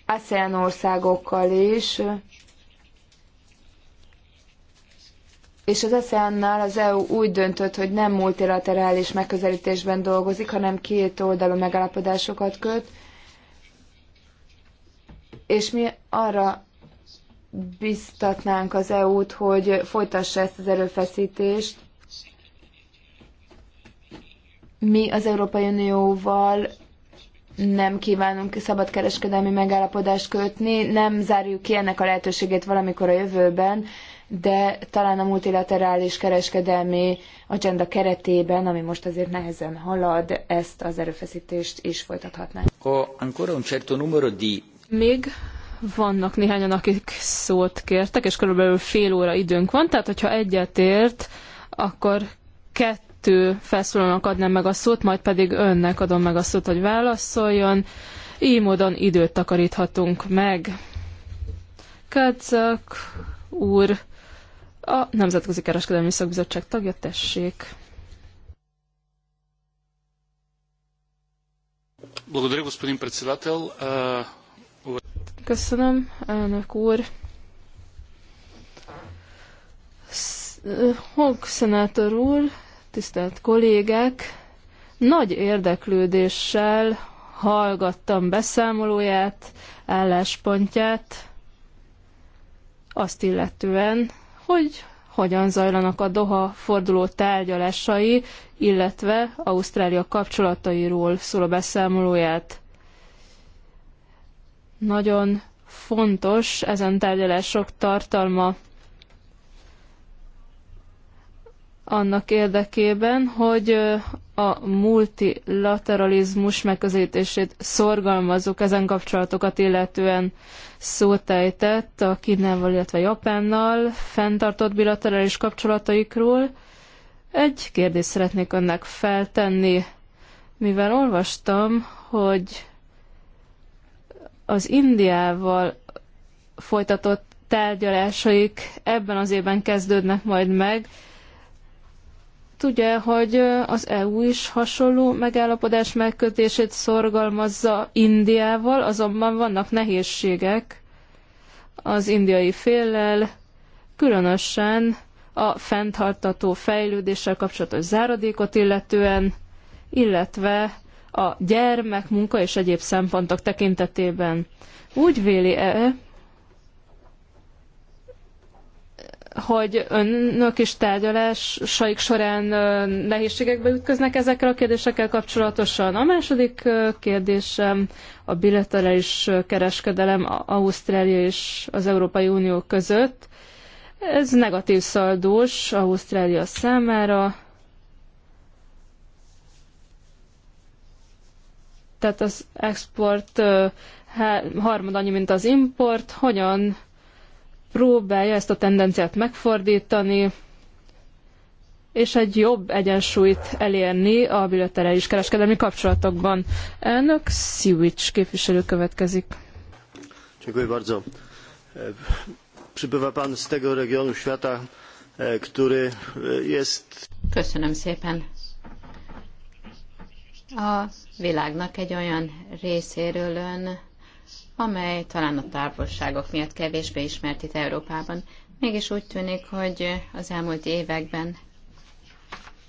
S3: ASEAN országokkal is, és az ASEAN-nál az EU úgy döntött, hogy nem multilaterális megközelítésben dolgozik, hanem két oldalú megállapodásokat köt, és mi arra biztatnánk az EU-t, hogy folytassa ezt az erőfeszítést. Mi az Európai Unióval nem kívánunk szabadkereskedelmi megállapodást kötni, nem zárjuk ki ennek a lehetőségét valamikor a jövőben, de talán a multilaterális kereskedelmi agenda keretében, ami most azért nehezen halad, ezt az erőfeszítést is folytathatnánk. un certo numero di... Még vannak néhányan,
S1: akik szót kértek, és körülbelül fél óra időnk van, tehát hogyha egyetért, akkor kettő kettő felszólalónak adnám meg a szót, majd pedig önnek adom meg a szót, hogy válaszoljon. Így módon időt takaríthatunk meg. Kacak úr, a Nemzetközi Kereskedelmi Szakbizottság tagja, tessék. Köszönöm, elnök úr. Hog szenátor úr, tisztelt kollégek! Nagy érdeklődéssel hallgattam beszámolóját, álláspontját, azt illetően, hogy hogyan zajlanak a Doha forduló tárgyalásai, illetve Ausztrália kapcsolatairól szóló beszámolóját. Nagyon fontos ezen tárgyalások tartalma annak érdekében, hogy a multilateralizmus megközelítését szorgalmazzuk ezen kapcsolatokat illetően szótejtett a Kínával, illetve Japánnal fenntartott bilaterális kapcsolataikról. Egy kérdést szeretnék önnek feltenni, mivel olvastam, hogy az Indiával folytatott tárgyalásaik ebben az évben kezdődnek majd meg, Tudja, hogy az EU is hasonló megállapodás megkötését szorgalmazza Indiával, azonban vannak nehézségek az indiai féllel, különösen a fenntartató fejlődéssel kapcsolatos záradékot illetően, illetve a gyermekmunka és egyéb szempontok tekintetében. Úgy véli-e, hogy önök is tárgyalásaik során nehézségekbe ütköznek ezekkel a kérdésekkel kapcsolatosan. A második kérdésem a bilaterális kereskedelem Ausztrália és az Európai Unió között. Ez negatív szaldós Ausztrália számára. Tehát az export harmad annyi, mint az import. Hogyan próbálja ezt a tendenciát megfordítani, és egy jobb egyensúlyt elérni a bilaterális kereskedelmi kapcsolatokban. Elnök Siewicz képviselő következik.
S2: Dziękuję bardzo. E,
S3: przybywa pan z tego regionu świata, e, który e, jest...
S2: Köszönöm szépen. A világnak egy olyan részéről ön amely talán a távolságok miatt kevésbé ismert itt Európában. Mégis úgy tűnik, hogy az elmúlt években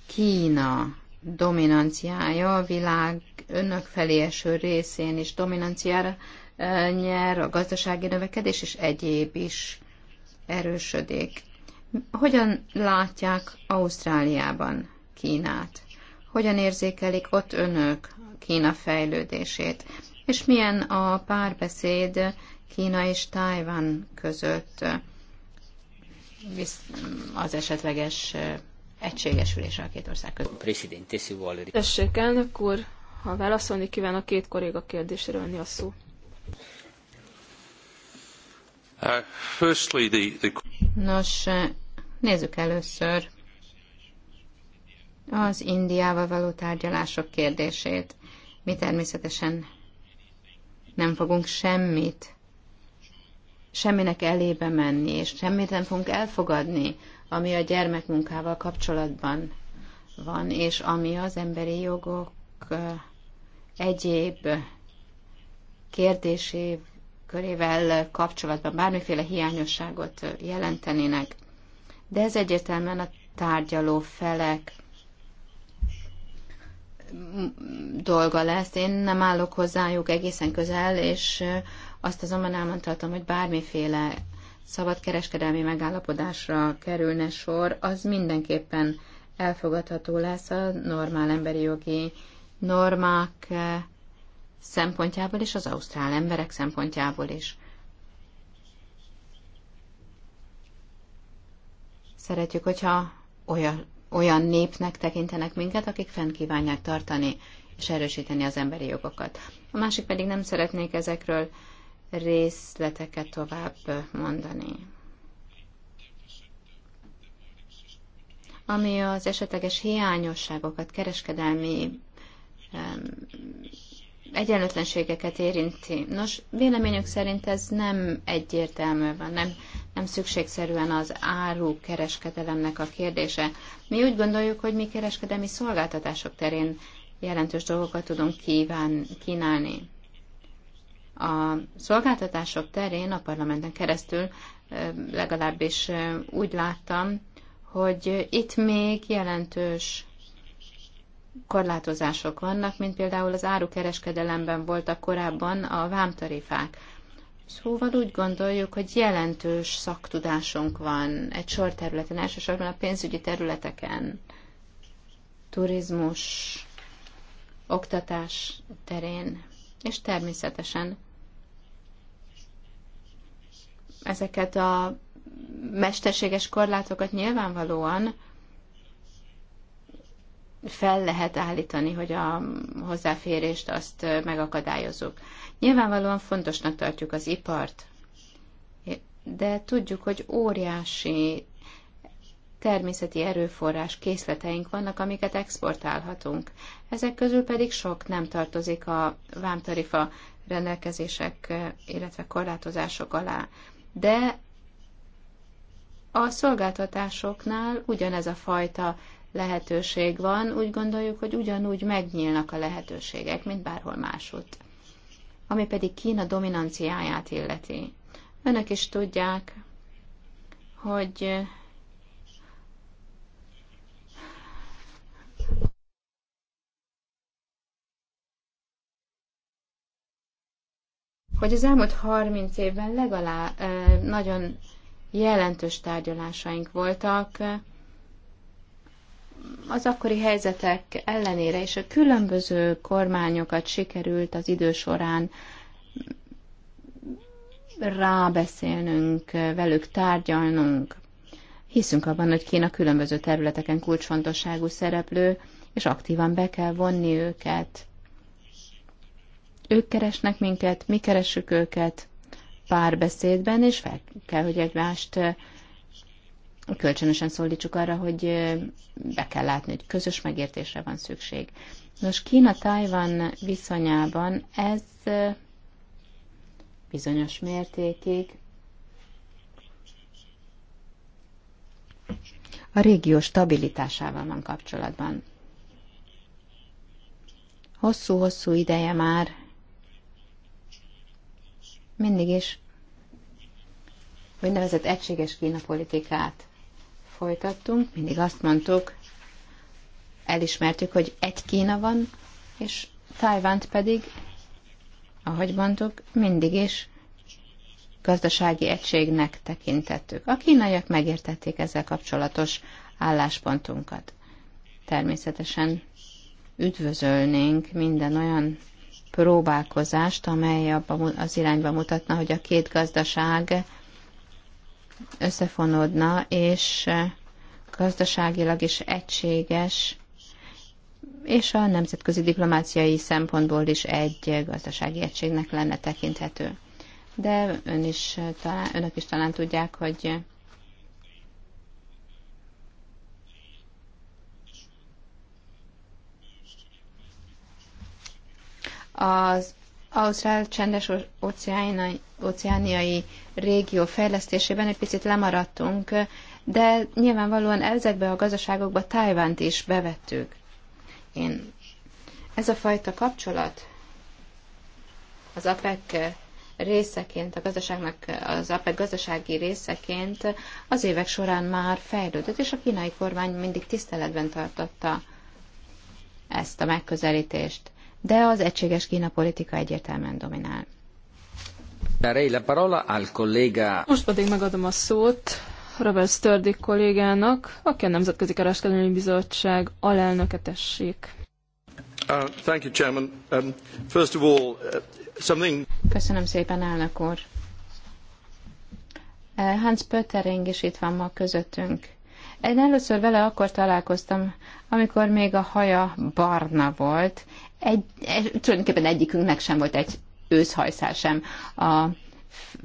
S2: Kína dominanciája a világ önök felé eső részén is dominanciára e, nyer, a gazdasági növekedés és egyéb is erősödik. Hogyan látják Ausztráliában Kínát? Hogyan érzékelik ott önök Kína fejlődését? és milyen a párbeszéd Kína és Tájván között az esetleges eh, egységesülés a két ország között. Tessék, elnök úr, ha válaszolni kíván a két kolléga kérdésére venni a szó.
S1: Uh,
S2: Nos, eh, nézzük először az Indiával való tárgyalások kérdését. Mi természetesen nem fogunk semmit, semminek elébe menni, és semmit nem fogunk elfogadni, ami a gyermekmunkával kapcsolatban van, és ami az emberi jogok egyéb kérdésé körével kapcsolatban bármiféle hiányosságot jelentenének. De ez egyértelműen a tárgyaló felek dolga lesz. Én nem állok hozzájuk egészen közel, és azt azonban elmondhatom, hogy bármiféle szabadkereskedelmi megállapodásra kerülne sor, az mindenképpen elfogadható lesz a normál emberi jogi normák szempontjából és az ausztrál emberek szempontjából is. Szeretjük, hogyha olyan olyan népnek tekintenek minket, akik fenn kívánják tartani és erősíteni az emberi jogokat. A másik pedig nem szeretnék ezekről részleteket tovább mondani. Ami az esetleges hiányosságokat, kereskedelmi egyenlőtlenségeket érinti. Nos, véleményük szerint ez nem egyértelmű van, nem, nem szükségszerűen az áru kereskedelemnek a kérdése. Mi úgy gondoljuk, hogy mi kereskedelmi szolgáltatások terén jelentős dolgokat tudunk kíván, kínálni. A szolgáltatások terén a parlamenten keresztül legalábbis úgy láttam, hogy itt még jelentős korlátozások vannak, mint például az árukereskedelemben voltak korábban a vámtarifák. Szóval úgy gondoljuk, hogy jelentős szaktudásunk van egy sor területen, elsősorban a pénzügyi területeken, turizmus, oktatás terén, és természetesen ezeket a mesterséges korlátokat nyilvánvalóan fel lehet állítani, hogy a hozzáférést azt megakadályozunk. Nyilvánvalóan fontosnak tartjuk az ipart, de tudjuk, hogy óriási természeti erőforrás készleteink vannak, amiket exportálhatunk. Ezek közül pedig sok nem tartozik a vámtarifa rendelkezések, illetve korlátozások alá. De a szolgáltatásoknál ugyanez a fajta lehetőség van, úgy gondoljuk, hogy ugyanúgy megnyílnak a lehetőségek, mint bárhol máshogy. Ami pedig Kína dominanciáját illeti. Önök is tudják, hogy hogy az elmúlt 30 évben legalább nagyon jelentős tárgyalásaink voltak, az akkori helyzetek ellenére és a különböző kormányokat sikerült az idő során rábeszélnünk, velük tárgyalnunk. Hiszünk abban, hogy Kína különböző területeken kulcsfontosságú szereplő, és aktívan be kell vonni őket. Ők keresnek minket, mi keressük őket párbeszédben, és fel kell, hogy egymást kölcsönösen szólítsuk arra, hogy be kell látni, hogy közös megértésre van szükség. Nos, Kína-Tajvan viszonyában ez bizonyos mértékig a régió stabilitásával van kapcsolatban. Hosszú-hosszú ideje már mindig is úgynevezett egységes Kína politikát folytattunk, mindig azt mondtuk, elismertük, hogy egy Kína van, és Tájvánt pedig, ahogy mondtuk, mindig is gazdasági egységnek tekintettük. A kínaiak megértették ezzel kapcsolatos álláspontunkat. Természetesen üdvözölnénk minden olyan próbálkozást, amely abban az irányba mutatna, hogy a két gazdaság összefonódna, és eh, gazdaságilag is egységes, és a nemzetközi diplomáciai szempontból is egy gazdasági egységnek lenne tekinthető. De ön is, eh, talán, önök is talán tudják, hogy eh, az Ausztrál csendes óceániai régió fejlesztésében egy picit lemaradtunk, de nyilvánvalóan ezekbe a gazdaságokba Tájvánt is bevettük. Én ez a fajta kapcsolat az APEC részeként, a gazdaságnak, az APEC gazdasági részeként az évek során már fejlődött, és a kínai kormány mindig tiszteletben tartotta ezt a megközelítést de az egységes Kína politika egyértelműen dominál.
S1: Most pedig megadom a szót Robert Sturdy kollégának, aki a Nemzetközi Kereskedelmi
S2: Bizottság alelnöke tessék. Uh, thank you, Chairman. Um, first of all, uh, something... Köszönöm szépen, elnök úr. Uh, Hans Pöttering is itt van ma közöttünk. Én először vele akkor találkoztam, amikor még a haja barna volt, egy, egy, tulajdonképpen egyikünknek sem volt egy őszhajszál sem a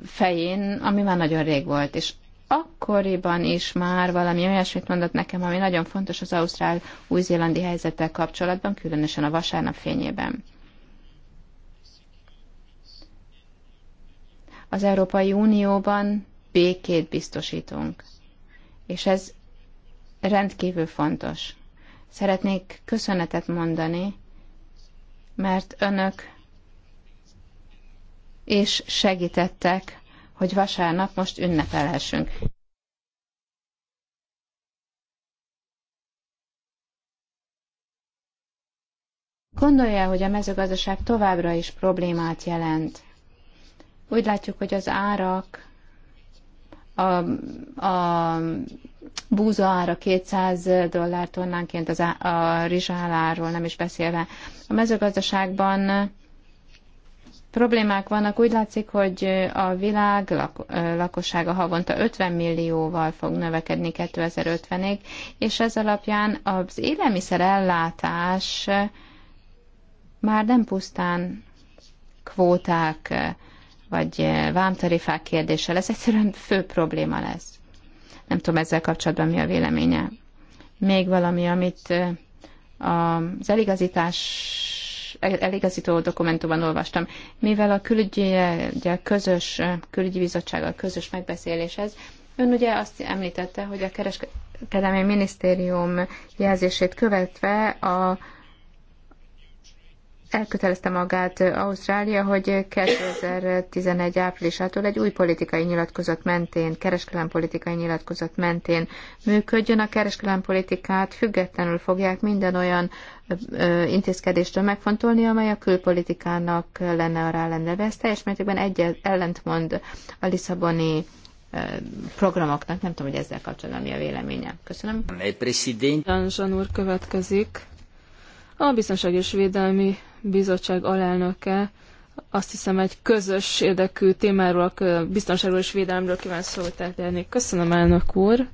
S2: fején, ami már nagyon rég volt, és akkoriban is már valami olyasmit mondott nekem, ami nagyon fontos az ausztrál-új-zélandi helyzettel kapcsolatban, különösen a vasárnap fényében. Az Európai Unióban békét biztosítunk, és ez rendkívül fontos. Szeretnék köszönetet mondani mert önök és segítettek, hogy vasárnap most ünnepelhessünk. Gondolja, hogy a mezőgazdaság továbbra is problémát jelent. Úgy látjuk, hogy az árak a, a búza ára 200 dollár tonnánként, az á, a rizsáláról nem is beszélve. A mezőgazdaságban problémák vannak. Úgy látszik, hogy a világ lak, lakossága havonta 50 millióval fog növekedni 2050-ig, és ez alapján az élelmiszer ellátás már nem pusztán kvóták vagy eh, vámtarifák kérdése lesz, egyszerűen fő probléma lesz. Nem tudom ezzel kapcsolatban mi a véleménye. Még valami, amit eh, az eligazítás, eligazító dokumentumban olvastam. Mivel a külügyi, ugye a közös, eh, külügyi a közös megbeszélés ez, ön ugye azt említette, hogy a kereskedelmi minisztérium jelzését követve a elkötelezte magát Ausztrália, hogy 2011 áprilisától egy új politikai nyilatkozat mentén, kereskedelempolitikai nyilatkozat mentén működjön. A kereskedelempolitikát függetlenül fogják minden olyan intézkedéstől megfontolni, amely a külpolitikának lenne a rálendelve. Ez teljes mértékben egy ellentmond a Lisszaboni programoknak. Nem tudom, hogy ezzel kapcsolatban mi a véleménye. Köszönöm.
S1: President. Zsan következik. A Biztonság és Védelmi bizottság alelnöke azt hiszem egy közös érdekű témáról, biztonságról és védelemről kíván szót eltenni. Köszönöm, elnök úr.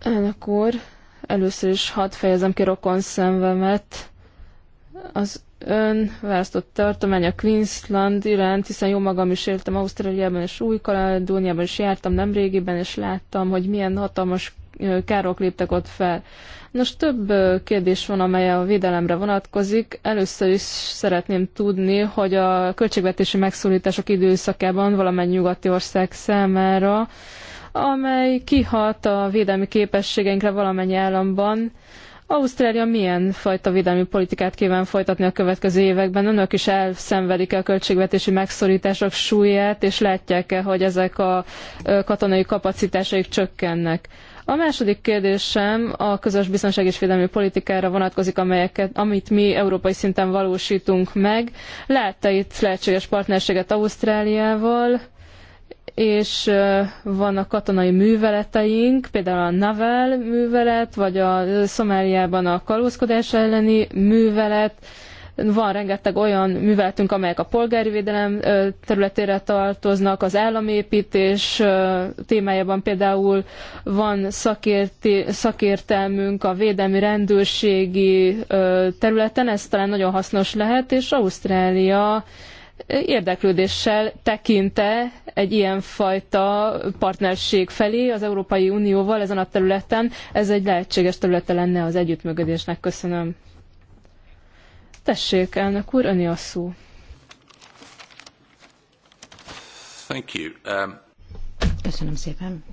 S1: Elnök úr, először is hadd fejezem ki rokon szemvemet. Az ön választott tartomány a Queensland iránt, hiszen jó magam is éltem Ausztráliában és Új-Kaledóniában is jártam nemrégiben, és láttam, hogy milyen hatalmas károk léptek ott fel. Nos, több kérdés van, amely a védelemre vonatkozik. Először is szeretném tudni, hogy a költségvetési megszólítások időszakában valamennyi nyugati ország számára, amely kihat a védelmi képességeinkre valamennyi államban, Ausztrália milyen fajta védelmi politikát kíván folytatni a következő években? Önök is elszenvedik -e a költségvetési megszorítások súlyát, és látják-e, hogy ezek a katonai kapacitásaik csökkennek? A második kérdésem a közös biztonság és védelmi politikára vonatkozik, amelyeket, amit mi európai szinten valósítunk meg. Látta itt lehetséges partnerséget Ausztráliával, és vannak katonai műveleteink, például a Naval művelet, vagy a Szomáliában a kalózkodás elleni művelet, van rengeteg olyan műveltünk, amelyek a polgári védelem területére tartoznak, az állami építés témájában például van szakérti, szakértelmünk a védelmi rendőrségi területen, ez talán nagyon hasznos lehet, és Ausztrália érdeklődéssel tekinte egy ilyen fajta partnerség felé az Európai Unióval ezen a területen. Ez egy lehetséges területe lenne az együttműködésnek. Köszönöm. Tessék, elnök úr, a szó.
S3: Thank you. Um...
S2: Köszönöm szépen.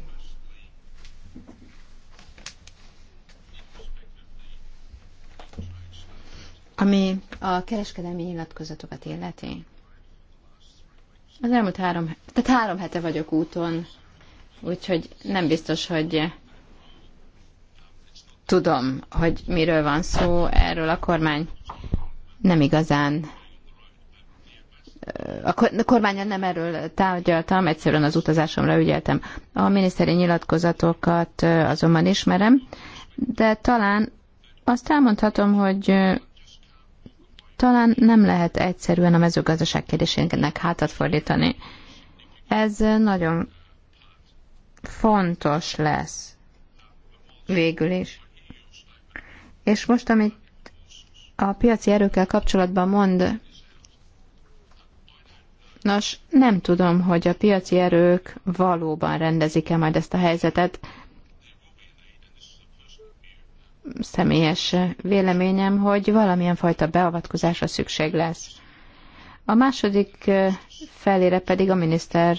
S2: Ami a kereskedelmi nyilatkozatokat illeti. Az elmúlt három, tehát három hete vagyok úton, úgyhogy nem biztos, hogy tudom, hogy miről van szó erről a kormány nem igazán a kormányon nem erről tárgyaltam, egyszerűen az utazásomra ügyeltem. A miniszteri nyilatkozatokat azonban ismerem, de talán azt elmondhatom, hogy talán nem lehet egyszerűen a mezőgazdaság kérdésének hátat fordítani. Ez nagyon fontos lesz végül is. És most, amit a piaci erőkkel kapcsolatban mond. Nos, nem tudom, hogy a piaci erők valóban rendezik-e majd ezt a helyzetet. Személyes véleményem, hogy valamilyen fajta beavatkozásra szükség lesz. A második felére pedig a miniszter,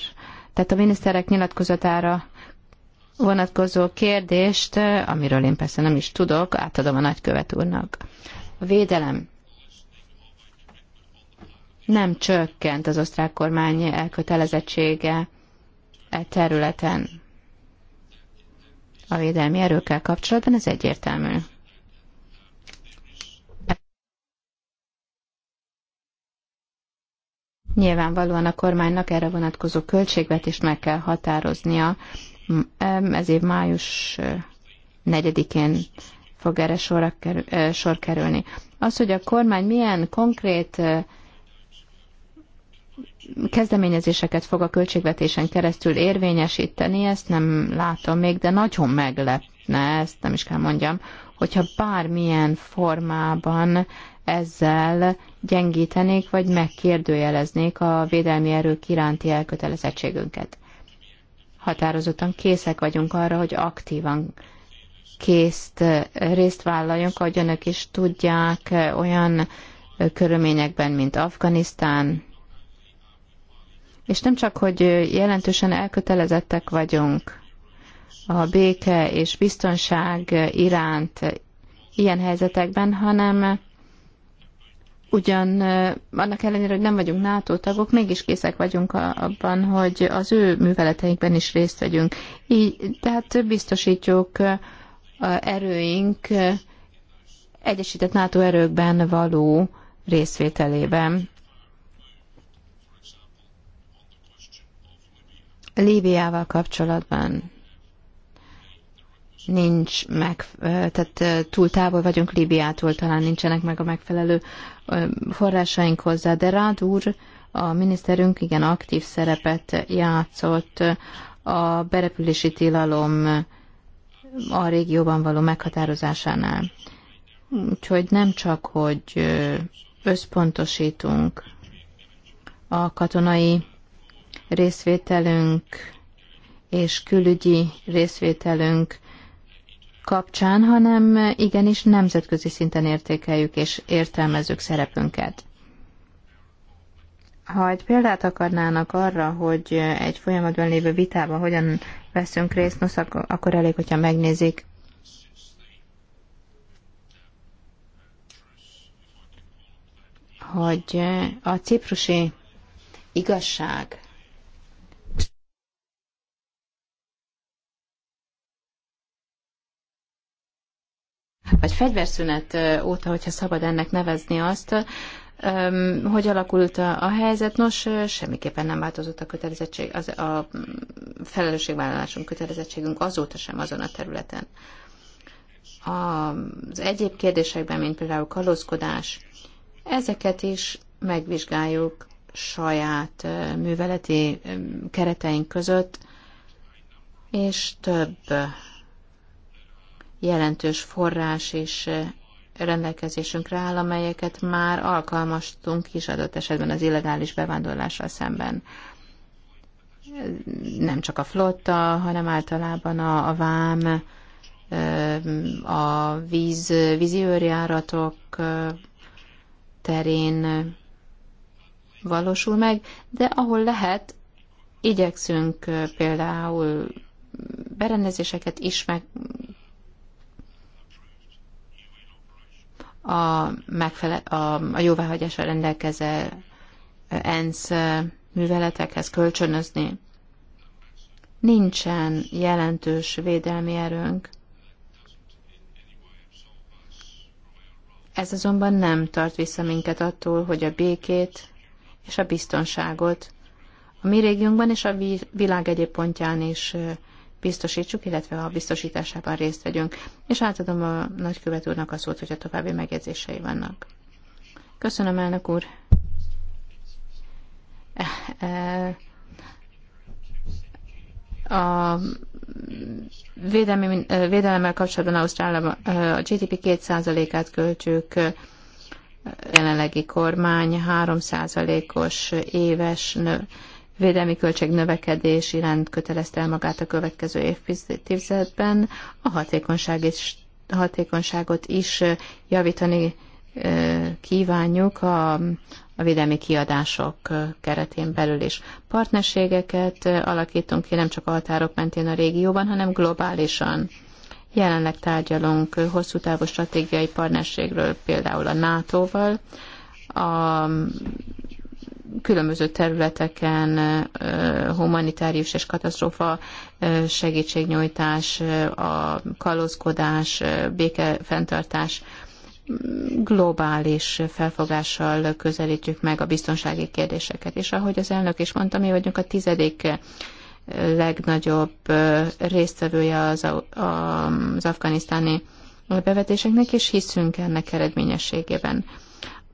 S2: tehát a miniszterek nyilatkozatára vonatkozó kérdést, amiről én persze nem is tudok, átadom a nagykövet úrnak. A védelem nem csökkent az osztrák kormány elkötelezettsége e területen. A védelmi erőkkel kapcsolatban ez egyértelmű. Nyilvánvalóan a kormánynak erre vonatkozó költségvetést meg kell határoznia. Ez év május 4-én fog erre sorra kerül, sor kerülni. Az, hogy a kormány milyen konkrét kezdeményezéseket fog a költségvetésen keresztül érvényesíteni, ezt nem látom még, de nagyon meglepne, ezt nem is kell mondjam, hogyha bármilyen formában ezzel gyengítenék, vagy megkérdőjeleznék a védelmi erők iránti elkötelezettségünket. Határozottan készek vagyunk arra, hogy aktívan készt eh, részt vállaljunk, ahogy önök is tudják, eh, olyan eh, körülményekben, mint Afganisztán. És nem csak, hogy jelentősen elkötelezettek vagyunk a béke és biztonság iránt ilyen helyzetekben, hanem ugyan annak ellenére, hogy nem vagyunk NATO tagok, mégis készek vagyunk abban, hogy az ő műveleteinkben is részt vegyünk. Így, tehát biztosítjuk erőink egyesített NATO erőkben való részvételében. Líbiával kapcsolatban nincs meg, tehát túl távol vagyunk Líbiától, talán nincsenek meg a megfelelő forrásaink hozzá, de Rád úr, a miniszterünk igen aktív szerepet játszott a berepülési tilalom a régióban való meghatározásánál. Úgyhogy nem csak, hogy összpontosítunk a katonai részvételünk és külügyi részvételünk kapcsán, hanem igenis nemzetközi szinten értékeljük és értelmezzük szerepünket ha egy példát akarnának arra, hogy egy folyamatban lévő vitában hogyan veszünk részt, nos, akkor elég, hogyha megnézik hogy a ciprusi igazság vagy fegyverszünet óta, hogyha szabad ennek nevezni azt, hogy alakult a, a helyzet? Nos, semmiképpen nem változott a kötelezettség, az, a mm, felelősségvállalásunk, kötelezettségünk azóta sem azon a területen. Az egyéb kérdésekben, mint például kalózkodás, ezeket is megvizsgáljuk saját műveleti kereteink között, és több jelentős forrás is rendelkezésünkre áll, amelyeket már alkalmaztunk is adott esetben az illegális bevándorlással szemben. Nem csak a flotta, hanem általában a, a vám, a víz, vízi őrjáratok terén valósul meg, de ahol lehet, igyekszünk például berendezéseket is meg a, megfele- a, a jóváhagyásra rendelkező ENSZ műveletekhez kölcsönözni. Nincsen jelentős védelmi erőnk. Ez azonban nem tart vissza minket attól, hogy a békét és a biztonságot a mi régiónkban és a világ egyéb pontján is biztosítsuk, illetve a biztosításában részt vegyünk. És átadom a nagykövet úrnak a szót, hogyha további megjegyzései vannak. Köszönöm, elnök úr. A védelmi, védelemmel kapcsolatban Ausztrálában a GDP 2%-át költjük jelenlegi kormány 3%-os éves nő, védelmi költség növekedés iránt kötelezte el magát a következő évtizedben, a hatékonyság és, hatékonyságot is javítani kívánjuk a, a védelmi kiadások keretén belül is. Partnerségeket alakítunk ki nem csak a határok mentén a régióban, hanem globálisan. Jelenleg tárgyalunk hosszú távú stratégiai partnerségről, például a NATO-val, a különböző területeken humanitárius és katasztrófa segítségnyújtás, a kalózkodás, békefenntartás globális felfogással közelítjük meg a biztonsági kérdéseket. És ahogy az elnök is mondta, mi vagyunk a tizedik legnagyobb résztvevője az, az afganisztáni bevetéseknek, és hiszünk ennek eredményességében.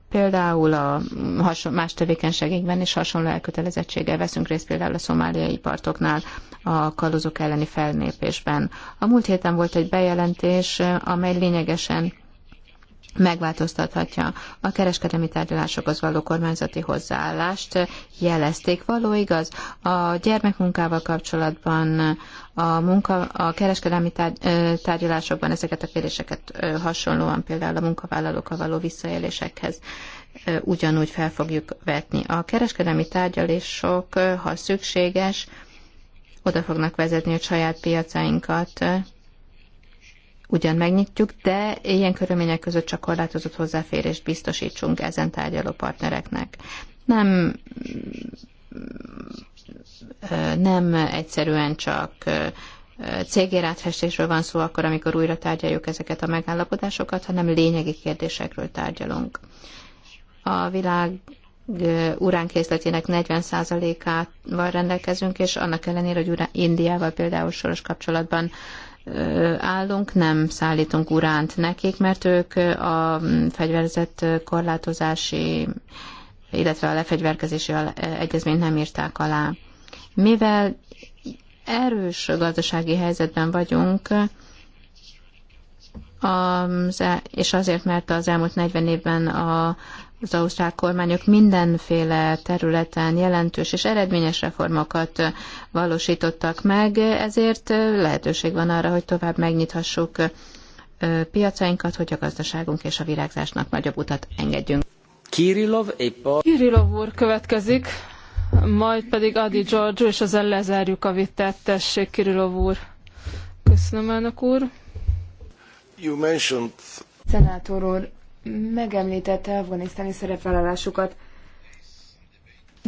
S2: Például a hason, más tevékenységekben is hasonló elkötelezettséggel veszünk részt, például a szomáliai partoknál a kalózok elleni felnépésben. A múlt héten volt egy bejelentés, amely lényegesen megváltoztathatja a kereskedelmi tárgyalásokhoz való kormányzati hozzáállást, jelezték. Való igaz, a gyermekmunkával kapcsolatban a, munka, a kereskedelmi tárgyalásokban ezeket a kérdéseket hasonlóan például a munkavállalókkal való visszaélésekhez ugyanúgy fel fogjuk vetni. A kereskedelmi tárgyalások, ha szükséges, oda fognak vezetni a saját piacainkat, ugyan megnyitjuk, de ilyen körülmények között csak korlátozott hozzáférést biztosítsunk ezen tárgyaló partnereknek. Nem nem egyszerűen csak cégérátfestésről van szó akkor, amikor újra tárgyaljuk ezeket a megállapodásokat, hanem lényegi kérdésekről tárgyalunk. A világ uránkészletének 40%-ával rendelkezünk, és annak ellenére, hogy Indiával például soros kapcsolatban állunk, nem szállítunk uránt nekik, mert ők a fegyverzett korlátozási, illetve a lefegyverkezési egyezményt nem írták alá. Mivel erős gazdasági helyzetben vagyunk, az, e- és azért, mert az elmúlt 40 évben a az ausztrál kormányok mindenféle területen jelentős és eredményes reformokat valósítottak meg, ezért lehetőség van arra, hogy tovább megnyithassuk piacainkat, hogy a gazdaságunk és a virágzásnak nagyobb utat engedjünk.
S1: Kirillov, épp a... Kirillov úr következik, majd pedig Adi George, és ezzel lezárjuk a vitát. Tessék, Kirillov úr. Köszönöm, elnök úr. You mentioned...
S3: Szenátor úr, megemlítette afganisztáni szerepvállalásukat.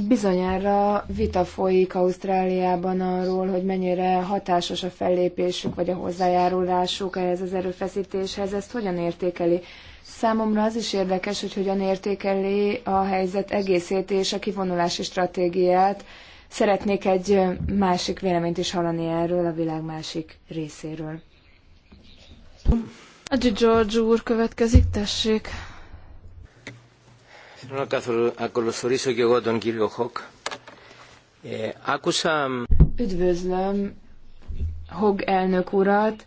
S3: Bizonyára vita folyik Ausztráliában arról, hogy mennyire hatásos a fellépésük vagy a hozzájárulásuk ehhez az erőfeszítéshez. Ezt hogyan értékeli? Számomra az is érdekes, hogy hogyan értékeli a helyzet egészét és a kivonulási stratégiát. Szeretnék egy másik véleményt is hallani erről a világ másik részéről. Adzsi
S1: George úr következik, tessék.
S3: Üdvözlöm Hog elnök urat.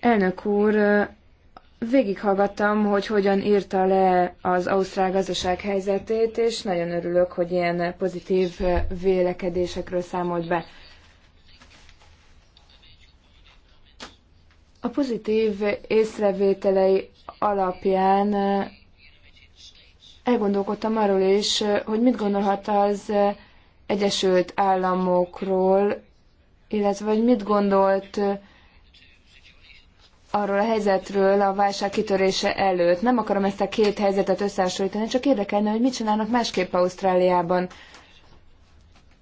S3: Elnök úr, végighallgattam, hogy hogyan írta le az ausztrál gazdaság helyzetét, és nagyon örülök, hogy ilyen pozitív vélekedésekről számolt be. A pozitív észrevételei alapján eh, elgondolkodtam arról is, eh, hogy mit gondolhat az eh, Egyesült Államokról, illetve hogy mit gondolt arról a helyzetről a válság kitörése előtt. Nem akarom ezt a két helyzetet összehasonlítani, csak érdekelne, hogy mit csinálnak másképp Ausztráliában.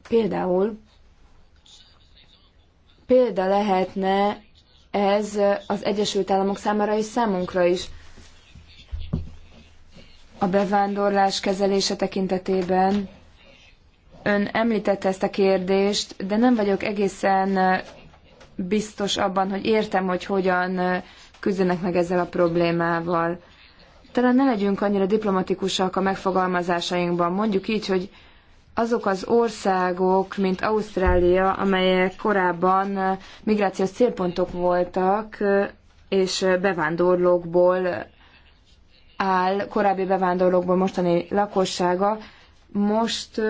S3: Például példa lehetne ez az Egyesült Államok számára és számunkra is. A bevándorlás kezelése tekintetében ön említette ezt a kérdést, de nem vagyok egészen biztos abban, hogy értem, hogy hogyan küzdenek meg ezzel a problémával. Talán ne legyünk annyira diplomatikusak a megfogalmazásainkban. Mondjuk így, hogy azok az országok, mint Ausztrália, amelyek korábban eh, migrációs célpontok voltak, eh, és eh, bevándorlókból áll, korábbi bevándorlókból mostani lakossága, most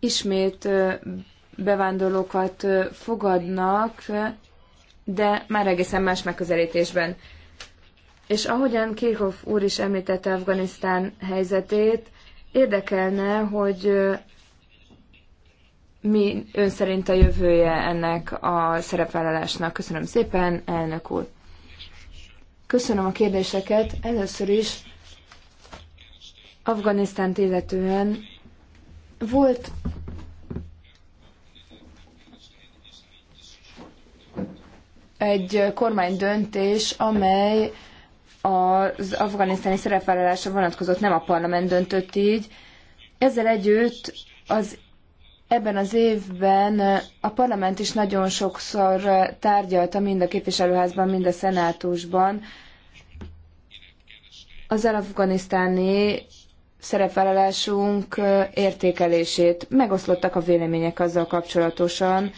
S3: ismét bevándorlókat fogadnak, de már egészen más megközelítésben. És ahogyan Kirchhoff úr is említette Afganisztán helyzetét, Érdekelne, hogy mi ön szerint a jövője ennek a szerepvállalásnak. Köszönöm szépen, elnök úr. Köszönöm a kérdéseket. Először is Afganisztánt illetően volt egy kormány döntés, amely az afganisztáni szerepvállalása vonatkozott, nem a parlament döntött így. Ezzel együtt az ebben az évben a parlament is nagyon sokszor tárgyalta mind a képviselőházban, mind a szenátusban az afganisztáni szerepvállalásunk értékelését. Megoszlottak a vélemények azzal kapcsolatosan,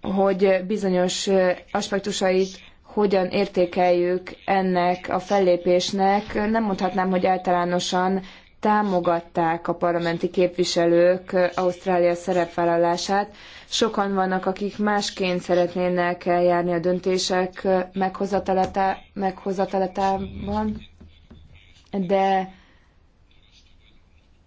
S3: hogy bizonyos aspektusait hogyan értékeljük ennek a fellépésnek. Nem mondhatnám, hogy általánosan támogatták a parlamenti képviselők Ausztrália szerepvállalását. Sokan vannak, akik másként szeretnének eljárni a döntések meghozatalatában, de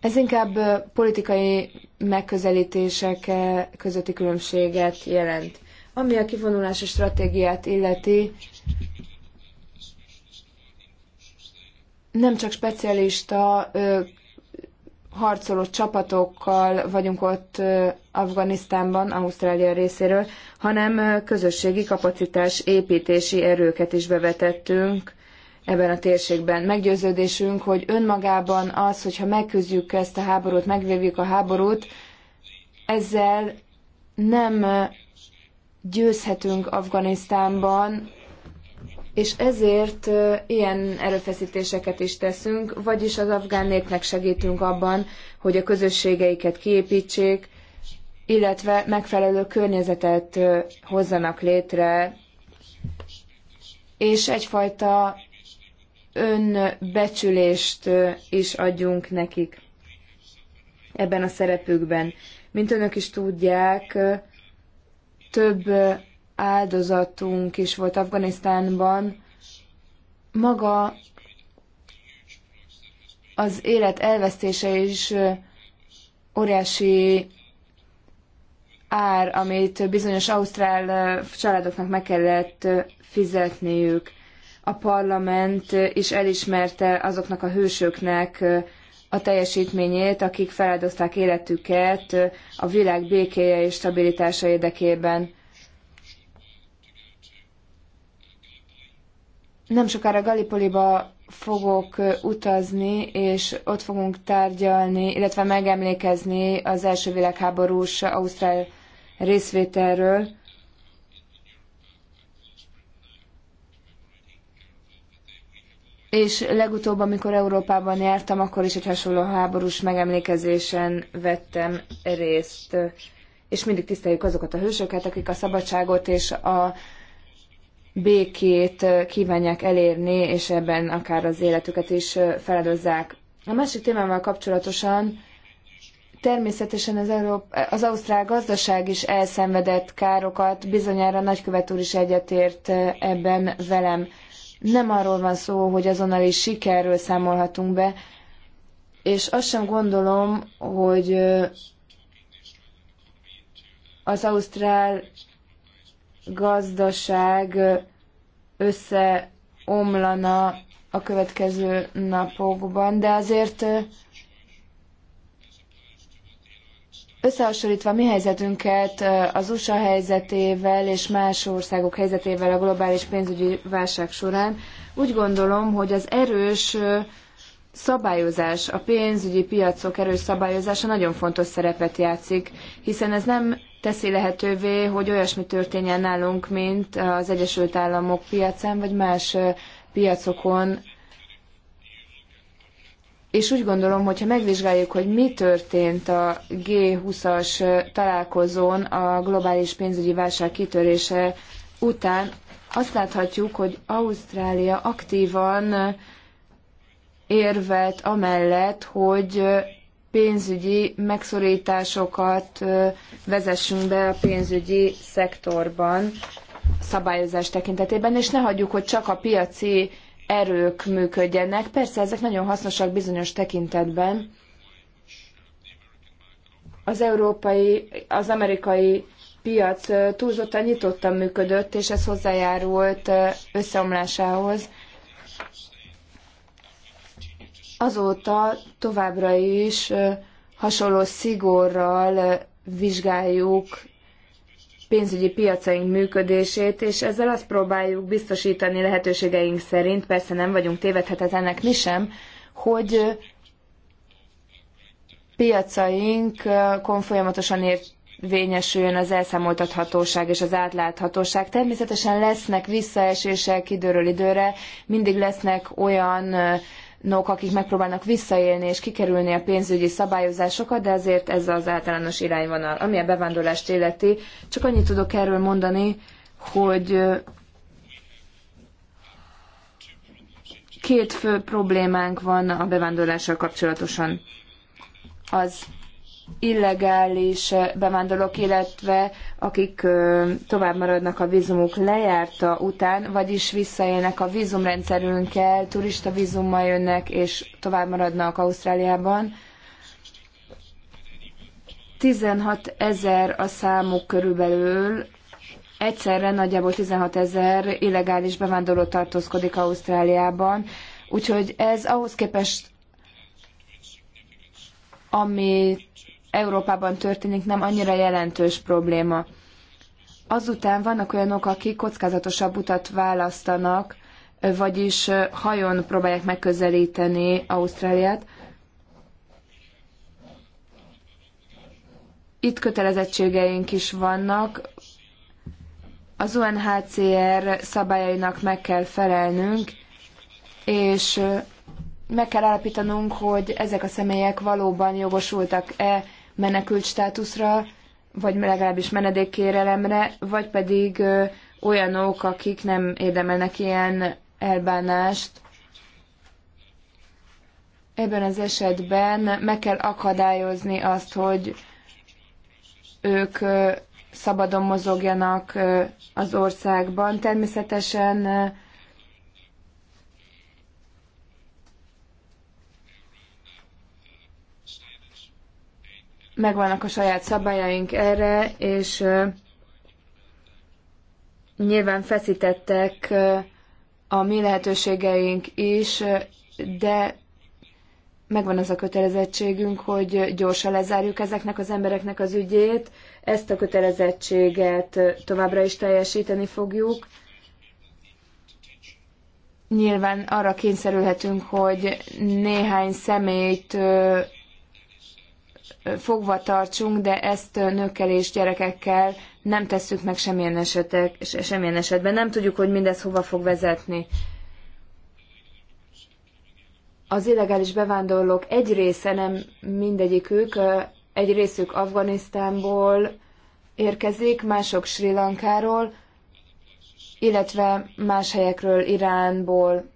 S3: ez inkább politikai megközelítések közötti különbséget jelent. Ami a kivonulási stratégiát illeti, nem csak specialista ö, harcoló csapatokkal vagyunk ott ö, Afganisztánban, Ausztrália részéről, hanem ö, közösségi kapacitás építési erőket is bevetettünk ebben a térségben. Meggyőződésünk, hogy önmagában az, hogyha megküzdjük ezt a háborút, megvívjuk a háborút, ezzel nem győzhetünk Afganisztánban, és ezért ilyen erőfeszítéseket is teszünk, vagyis az afgán népnek segítünk abban, hogy a közösségeiket kiépítsék, illetve megfelelő környezetet hozzanak létre, és egyfajta önbecsülést is adjunk nekik ebben a szerepükben. Mint önök is tudják, több áldozatunk is volt Afganisztánban. Maga az élet elvesztése is óriási ár, amit bizonyos ausztrál családoknak meg kellett fizetniük. A parlament is elismerte azoknak a hősöknek a teljesítményét, akik feláldozták életüket a világ békéje és stabilitása érdekében. Nem sokára Galipoliba fogok utazni, és ott fogunk tárgyalni, illetve megemlékezni az első világháborús Ausztrál részvételről. és legutóbb, amikor Európában jártam, akkor is egy hasonló háborús megemlékezésen vettem részt. És mindig tiszteljük azokat a hősöket, akik a szabadságot és a békét kívánják elérni, és ebben akár az életüket is feladozzák. A másik témával kapcsolatosan természetesen az, Európa, az ausztrál gazdaság is elszenvedett károkat, bizonyára nagykövet úr is egyetért ebben velem nem arról van szó, hogy is sikerről számolhatunk be, és azt sem gondolom, hogy az ausztrál gazdaság összeomlana a következő napokban, de azért Összehasonlítva mi helyzetünket az USA helyzetével és más országok helyzetével a globális pénzügyi válság során, úgy gondolom, hogy az erős szabályozás, a pénzügyi piacok erős szabályozása nagyon fontos szerepet játszik, hiszen ez nem teszi lehetővé, hogy olyasmi történjen nálunk, mint az Egyesült Államok piacán, vagy más piacokon, és úgy gondolom, hogyha megvizsgáljuk, hogy mi történt a G20-as találkozón a globális pénzügyi válság kitörése után, azt láthatjuk, hogy Ausztrália aktívan érvelt amellett, hogy pénzügyi megszorításokat vezessünk be a pénzügyi szektorban szabályozás tekintetében, és ne hagyjuk, hogy csak a piaci erők működjenek. Persze ezek nagyon hasznosak bizonyos tekintetben. Az európai, az amerikai piac túlzottan nyitottan működött, és ez hozzájárult összeomlásához. Azóta továbbra is hasonló szigorral vizsgáljuk pénzügyi piacaink működését, és ezzel azt próbáljuk biztosítani lehetőségeink szerint, persze nem vagyunk tévedhetetlenek mi sem, hogy piacainkon folyamatosan érvényesüljön az elszámoltathatóság és az átláthatóság. Természetesen lesznek visszaesések időről időre, mindig lesznek olyan olyanok, akik megpróbálnak visszaélni és kikerülni a pénzügyi szabályozásokat, de azért ez az általános irányvonal. Ami a bevándorlást illeti, csak annyit tudok erről mondani, hogy két fő problémánk van a bevándorlással kapcsolatosan. Az illegális eh, bevándorlók, illetve akik eh, tovább maradnak a vízumuk lejárta után, vagyis visszaélnek a vízumrendszerünkkel, turista vízummal jönnek és tovább maradnak Ausztráliában. 16 ezer a számuk körülbelül, egyszerre nagyjából 16 ezer illegális bevándorló tartózkodik Ausztráliában, úgyhogy ez ahhoz képest, amit Európában történik, nem annyira jelentős probléma. Azután vannak olyanok, akik kockázatosabb utat választanak, vagyis hajón próbálják megközelíteni Ausztráliát. Itt kötelezettségeink is vannak. Az UNHCR szabályainak meg kell felelnünk, és meg kell állapítanunk, hogy ezek a személyek valóban jogosultak-e menekült státuszra, vagy legalábbis menedékkérelemre, vagy pedig olyanok, akik nem érdemelnek ilyen elbánást. Ebben az esetben meg kell akadályozni azt, hogy ők szabadon mozogjanak az országban. Természetesen megvannak a saját szabályaink erre, és nyilván feszítettek a mi lehetőségeink is, de megvan az a kötelezettségünk, hogy gyorsan lezárjuk ezeknek az embereknek az ügyét, ezt a kötelezettséget továbbra is teljesíteni fogjuk. Nyilván arra kényszerülhetünk, hogy néhány személyt fogva tartsunk, de ezt nőkkel és gyerekekkel nem tesszük meg semmilyen, esetek, semmilyen esetben. Nem tudjuk, hogy mindez hova fog vezetni. Az illegális bevándorlók egy része, nem mindegyikük, egy részük Afganisztánból érkezik, mások Sri Lankáról, illetve más helyekről, Iránból.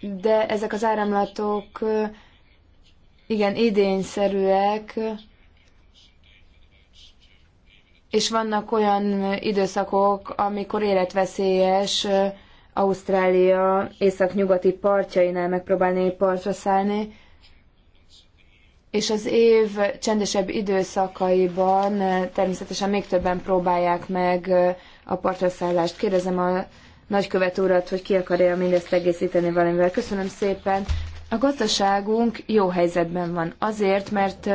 S3: De ezek az áramlatok igen idényszerűek, és vannak olyan időszakok, amikor életveszélyes Ausztrália észak-nyugati partjainál megpróbálni partra szállni, és az év csendesebb időszakaiban természetesen még többen próbálják meg a partra szállást. Kérdezem a nagykövet urat, hogy ki akarja mindezt egészíteni valamivel. Köszönöm szépen. A gazdaságunk jó helyzetben van azért, mert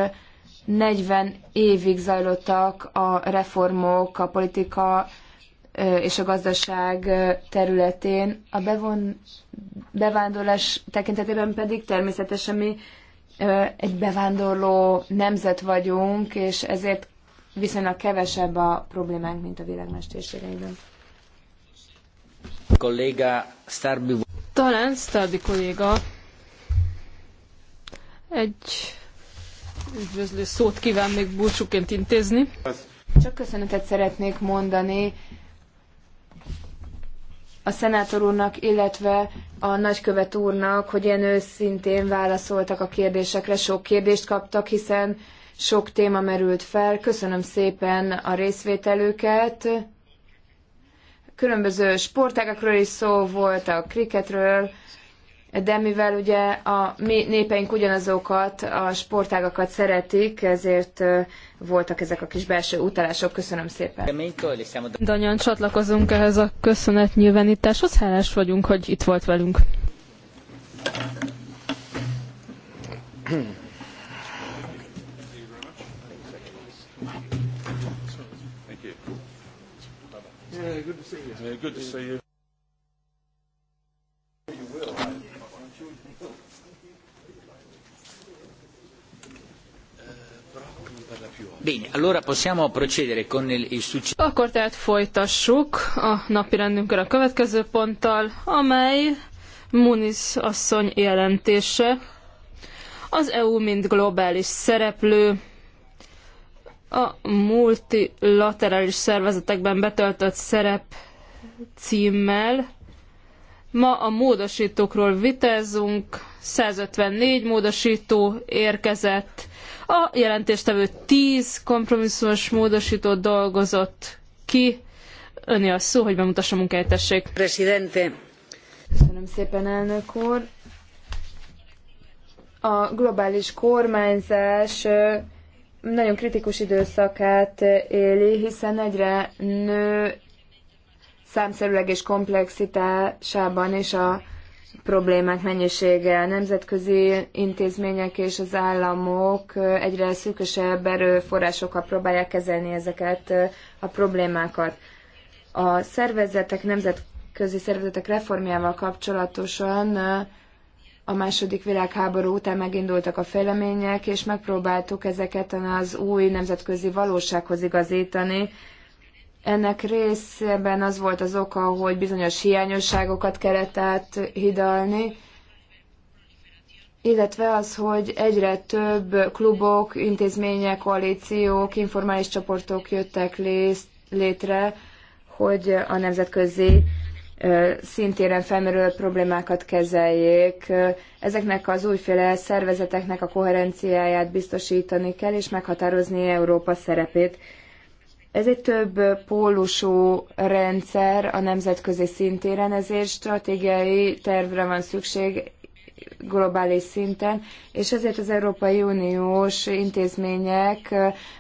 S3: 40 évig zajlottak a reformok, a politika és a gazdaság területén. A bevon, bevándorlás tekintetében pedig természetesen mi egy bevándorló nemzet vagyunk, és ezért viszonylag kevesebb a problémánk, mint a világ más térségeiben.
S1: Kolléga Starbi... Talán Starbi kolléga egy üdvözlő szót kíván még búcsúként intézni.
S3: Csak köszönetet szeretnék mondani a szenátor úrnak, illetve a nagykövet úrnak, hogy ilyen őszintén válaszoltak a kérdésekre. Sok kérdést kaptak, hiszen sok téma merült fel. Köszönöm szépen a részvételüket. Különböző sportágakról is szó volt, a kriketről, de mivel ugye a mi népeink ugyanazokat a sportágakat szeretik, ezért voltak ezek a kis belső utalások. Köszönöm szépen.
S1: Danyan, csatlakozunk ehhez a nyilvánításhoz. Hálás vagyunk, hogy itt volt velünk. Yeah, good to see you. Yeah, good to see you. You will. Bene, allora possiamo procedere con il successivo. Akkor tehát folytassuk a napi rendünkkel a következő ponttal, amely Muniz asszony jelentése. Az EU mint globális szereplő a multilaterális szervezetekben betöltött szerep címmel. Ma a módosítókról vitázunk, 154 módosító érkezett, a jelentéstevő 10 kompromisszumos módosítót dolgozott ki. Öni a szó, hogy bemutassa munkáját, tessék. Presidente.
S3: Köszönöm szépen, elnök úr. A globális kormányzás nagyon kritikus időszakát éli, hiszen egyre nő számszerűleg és komplexitásában és a problémák mennyisége. A nemzetközi intézmények és az államok egyre szűkösebb erőforrásokkal próbálják kezelni ezeket a problémákat. A szervezetek, nemzetközi szervezetek reformjával kapcsolatosan a második világháború után megindultak a fejlemények, és megpróbáltuk ezeket az új nemzetközi valósághoz igazítani, ennek részben az volt az oka, hogy bizonyos hiányosságokat kellett áthidalni, illetve az, hogy egyre több klubok, intézmények, koalíciók, informális csoportok jöttek létre, hogy a nemzetközi szintéren felmerülő problémákat kezeljék. Ezeknek az újféle szervezeteknek a koherenciáját biztosítani kell, és meghatározni Európa szerepét ez egy több pólusú rendszer a nemzetközi szintéren, ezért stratégiai tervre van szükség globális szinten, és ezért az Európai Uniós intézmények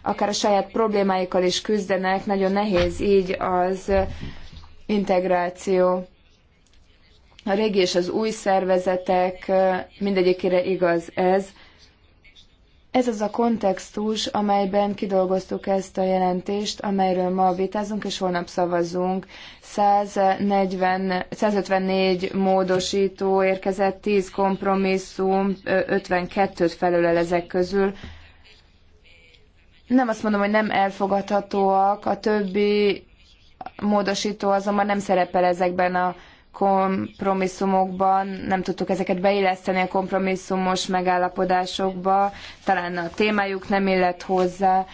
S3: akár a saját problémáikkal is küzdenek, nagyon nehéz így az integráció. A régi és az új szervezetek mindegyikére igaz ez, ez az a kontextus, amelyben kidolgoztuk ezt a jelentést, amelyről ma vitázunk és holnap szavazunk. 140, 154 módosító érkezett, 10 kompromisszum, 52-t felölel ezek közül. Nem azt mondom, hogy nem elfogadhatóak, a többi módosító azonban nem szerepel ezekben a kompromisszumokban, nem tudtuk ezeket beilleszteni a kompromisszumos megállapodásokba, talán a témájuk nem illett hozzá,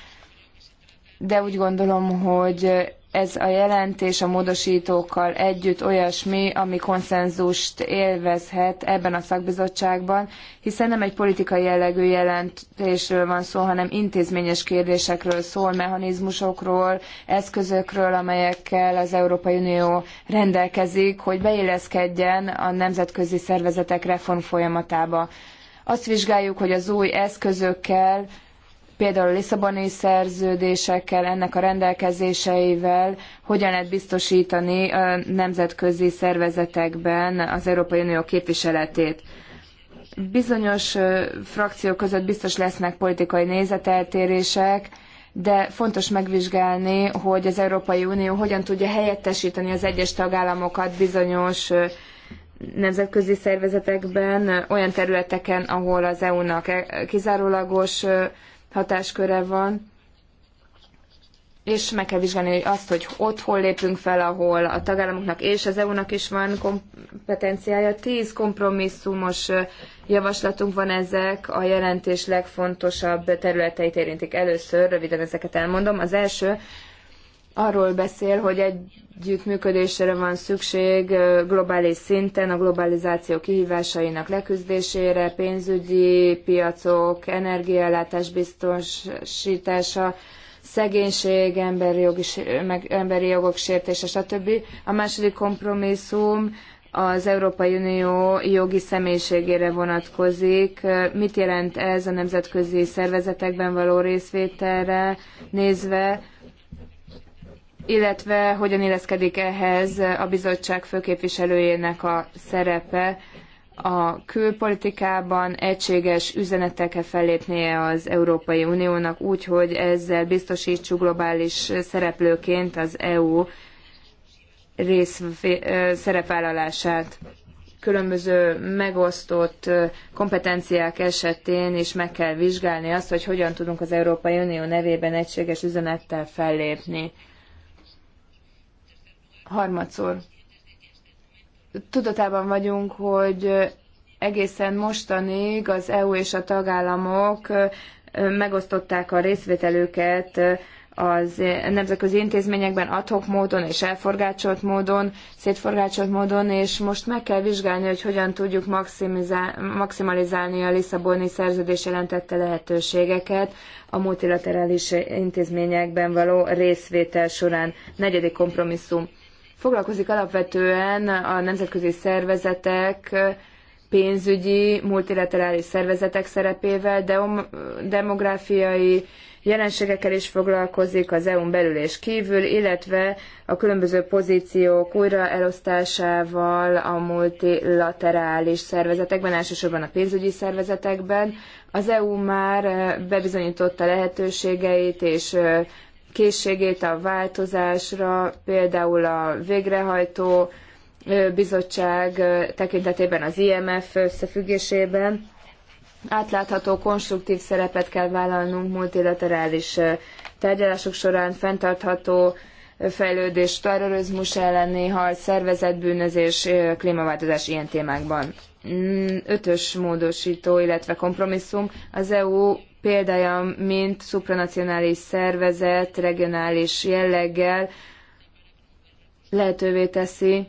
S3: de úgy gondolom, hogy ez a jelentés a módosítókkal együtt olyasmi, ami konszenzust élvezhet ebben a szakbizottságban, hiszen nem egy politikai jellegű jelentésről van szó, hanem intézményes kérdésekről szól, mechanizmusokról, eszközökről, amelyekkel az Európai Unió rendelkezik, hogy beilleszkedjen a nemzetközi szervezetek reform folyamatába. Azt vizsgáljuk, hogy az új eszközökkel például a Lisszaboni szerződésekkel, ennek a rendelkezéseivel hogyan lehet biztosítani a nemzetközi szervezetekben az Európai Unió képviseletét. Bizonyos frakciók között biztos lesznek politikai nézeteltérések, de fontos megvizsgálni, hogy az Európai Unió hogyan tudja helyettesíteni az egyes tagállamokat bizonyos nemzetközi szervezetekben, olyan területeken, ahol az EU-nak e, kizárólagos hatásköre van, és meg kell vizsgálni hogy azt, hogy ott hol lépünk fel, ahol a tagállamoknak és az EU-nak is van kompetenciája. Tíz kompromisszumos javaslatunk van ezek, a jelentés legfontosabb területeit érintik. Először röviden ezeket elmondom. Az első arról beszél, hogy együttműködésre van szükség globális szinten a globalizáció kihívásainak leküzdésére, pénzügyi piacok, energiaellátás biztosítása, szegénység, emberi, jogi, meg, emberi jogok sértése, stb. A második kompromisszum az Európai Unió jogi személyiségére vonatkozik. Mit jelent ez a nemzetközi szervezetekben való részvételre nézve? illetve hogyan illeszkedik ehhez a bizottság főképviselőjének a szerepe a külpolitikában egységes üzenetekkel fellépnie az Európai Uniónak úgy, hogy ezzel biztosítsuk globális szereplőként az EU rész szerepvállalását. Különböző megosztott kompetenciák esetén is meg kell vizsgálni azt, hogy hogyan tudunk az Európai Unió nevében egységes üzenettel fellépni harmadszor. Tudatában vagyunk, hogy egészen mostanig az EU és a tagállamok megosztották a részvételőket az nemzetközi intézményekben adhok módon és elforgácsolt módon, szétforgácsolt módon, és most meg kell vizsgálni, hogy hogyan tudjuk maximalizálni a Lisszaboni szerződés jelentette lehetőségeket a multilaterális intézményekben való részvétel során. Negyedik kompromisszum foglalkozik alapvetően a nemzetközi szervezetek pénzügyi, multilaterális szervezetek szerepével, de demográfiai jelenségekkel is foglalkozik az EU-n belül és kívül, illetve a különböző pozíciók újraelosztásával a multilaterális szervezetekben, elsősorban a pénzügyi szervezetekben. Az EU már bebizonyította lehetőségeit és készségét a változásra, például a végrehajtó bizottság tekintetében az IMF összefüggésében. Átlátható, konstruktív szerepet kell vállalnunk multilaterális tárgyalások során, fenntartható fejlődés, terrorizmus elleni harc, szervezetbűnözés, klímaváltozás ilyen témákban. Mm, ötös módosító, illetve kompromisszum. Az EU példája, mint szupranacionális szervezet regionális jelleggel lehetővé teszi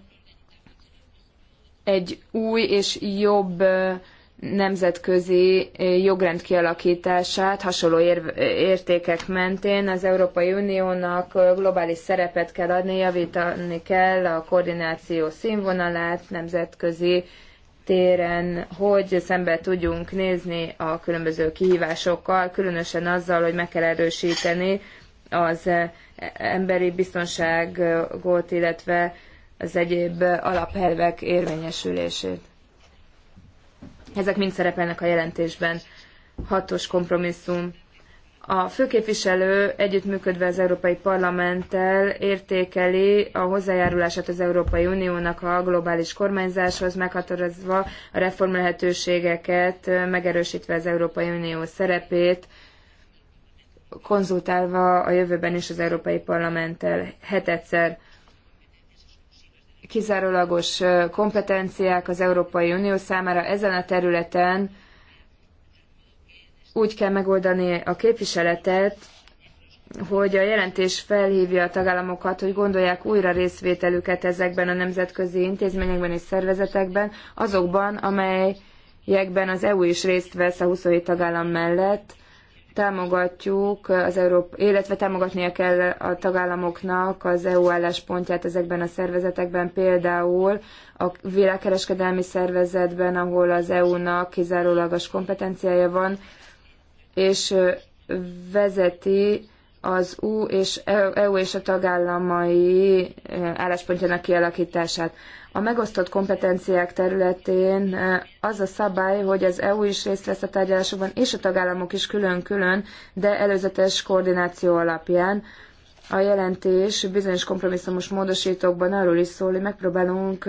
S3: egy új és jobb nemzetközi jogrend kialakítását hasonló értékek mentén az Európai Uniónak globális szerepet kell adni, javítani kell a koordináció színvonalát, nemzetközi téren, hogy szembe tudjunk nézni a különböző kihívásokkal, különösen azzal, hogy meg kell erősíteni az emberi biztonságot, illetve az egyéb alapelvek érvényesülését. Ezek mind szerepelnek a jelentésben. Hatos kompromisszum. A főképviselő együttműködve az Európai Parlamenttel értékeli a hozzájárulását az Európai Uniónak a globális kormányzáshoz, meghatározva a reform lehetőségeket, megerősítve az Európai Unió szerepét, konzultálva a jövőben is az Európai Parlamenttel hetedszer kizárólagos kompetenciák az Európai Unió számára ezen a területen úgy kell megoldani a képviseletet, hogy a jelentés felhívja a tagállamokat, hogy gondolják újra részvételüket ezekben a nemzetközi intézményekben és szervezetekben, azokban, amelyekben az EU is részt vesz a 27 tagállam mellett, támogatjuk az Európa, illetve támogatnia kell a tagállamoknak az EU álláspontját ezekben a szervezetekben, például a világkereskedelmi szervezetben, ahol az EU-nak kizárólagos kompetenciája van, és vezeti az e, e U és EU és a tagállamai álláspontjának kialakítását. A megosztott kompetenciák területén az a szabály, hogy az EU is részt vesz a tárgyalásokban, és a tagállamok is külön-külön, de előzetes koordináció alapján. A jelentés bizonyos kompromisszumos módosítókban arról is szól, hogy megpróbálunk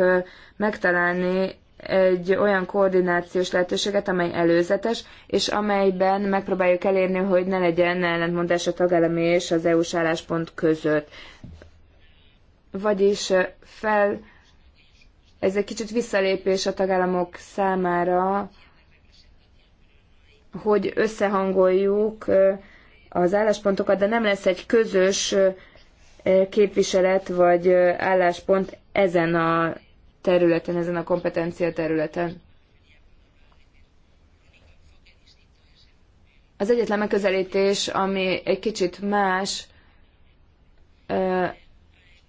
S3: megtalálni egy olyan koordinációs lehetőséget, amely előzetes, és amelyben megpróbáljuk elérni, hogy ne legyen ellentmondás a tagállami és az EU-s álláspont között. Vagyis fel, ez egy kicsit visszalépés a tagállamok számára, hogy összehangoljuk az álláspontokat, de nem lesz egy közös képviselet vagy álláspont ezen a területen, ezen a kompetencia területen. Az egyetlen megközelítés, ami egy kicsit más,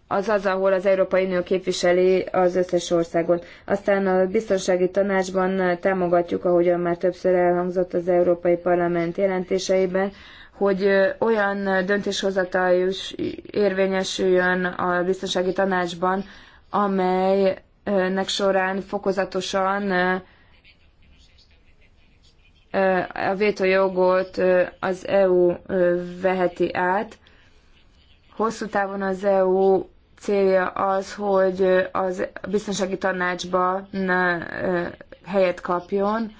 S3: az az, ahol az Európai Unió képviseli az összes országot. Aztán a biztonsági tanácsban támogatjuk, ahogyan már többször elhangzott az Európai Parlament jelentéseiben, hogy olyan döntéshozatal érvényesüljön a biztonsági tanácsban, amely nek során fokozatosan a vétójogot az EU veheti át. Hosszú távon az EU célja az, hogy az biztonsági tanácsban helyet kapjon,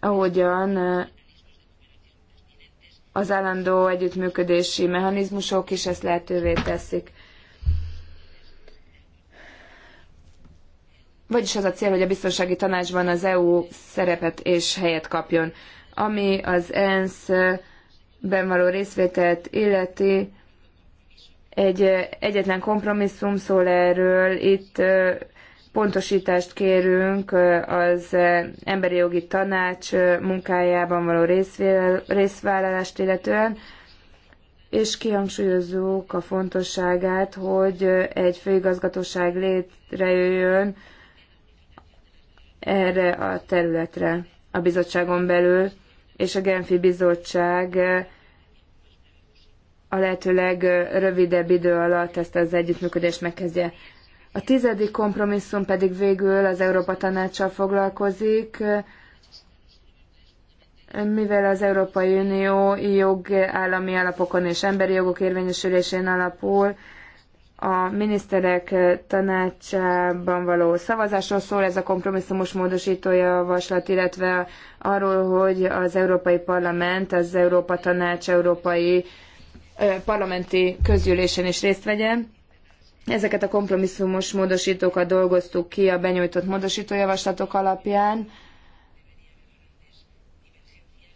S3: ahogyan az állandó együttműködési mechanizmusok is ezt lehetővé teszik. Vagyis az a cél, hogy a biztonsági tanácsban az EU szerepet és helyet kapjon. Ami az ENSZ-ben való részvételt illeti, egy egyetlen kompromisszum szól erről, itt pontosítást kérünk az emberi jogi tanács munkájában való részvállalást illetően, és kihangsúlyozzuk a fontosságát, hogy egy főigazgatóság létrejöjjön, erre a területre a bizottságon belül, és a Genfi Bizottság eh, a lehető legrövidebb idő alatt ezt az együttműködést megkezdje. A tizedik kompromisszum pedig végül az Európa Tanácssal foglalkozik, eh, mivel az Európai Unió jogállami alapokon és emberi jogok érvényesülésén alapul, a miniszterek tanácsában való szavazásról szól ez a kompromisszumos módosító javaslat, illetve arról, hogy az Európai Parlament, az Európa Tanács Európai Parlamenti Közgyűlésen is részt vegyen. Ezeket a kompromisszumos módosítókat dolgoztuk ki a benyújtott módosítójavaslatok alapján.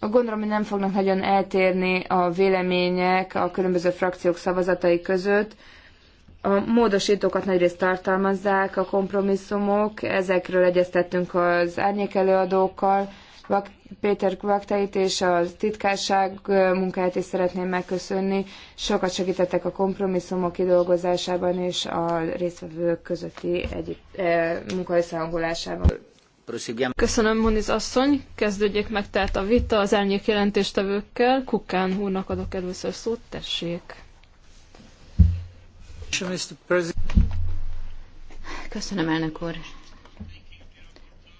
S3: Gondolom, hogy nem fognak nagyon eltérni a vélemények a különböző frakciók szavazatai között a módosítókat nagyrészt tartalmazzák a kompromisszumok, ezekről egyeztettünk az árnyék előadókkal, Péter Kvaktait és a titkárság munkáját is szeretném megköszönni. Sokat segítettek a kompromisszumok kidolgozásában és a résztvevők közötti együtt, e, munkahelyszámolásában.
S1: Köszönöm, Moniz asszony. Kezdődjék meg tehát a vita az elnyék jelentéstevőkkel. Kukán
S2: úrnak adok először szót, tessék. Köszönöm, elnök úr.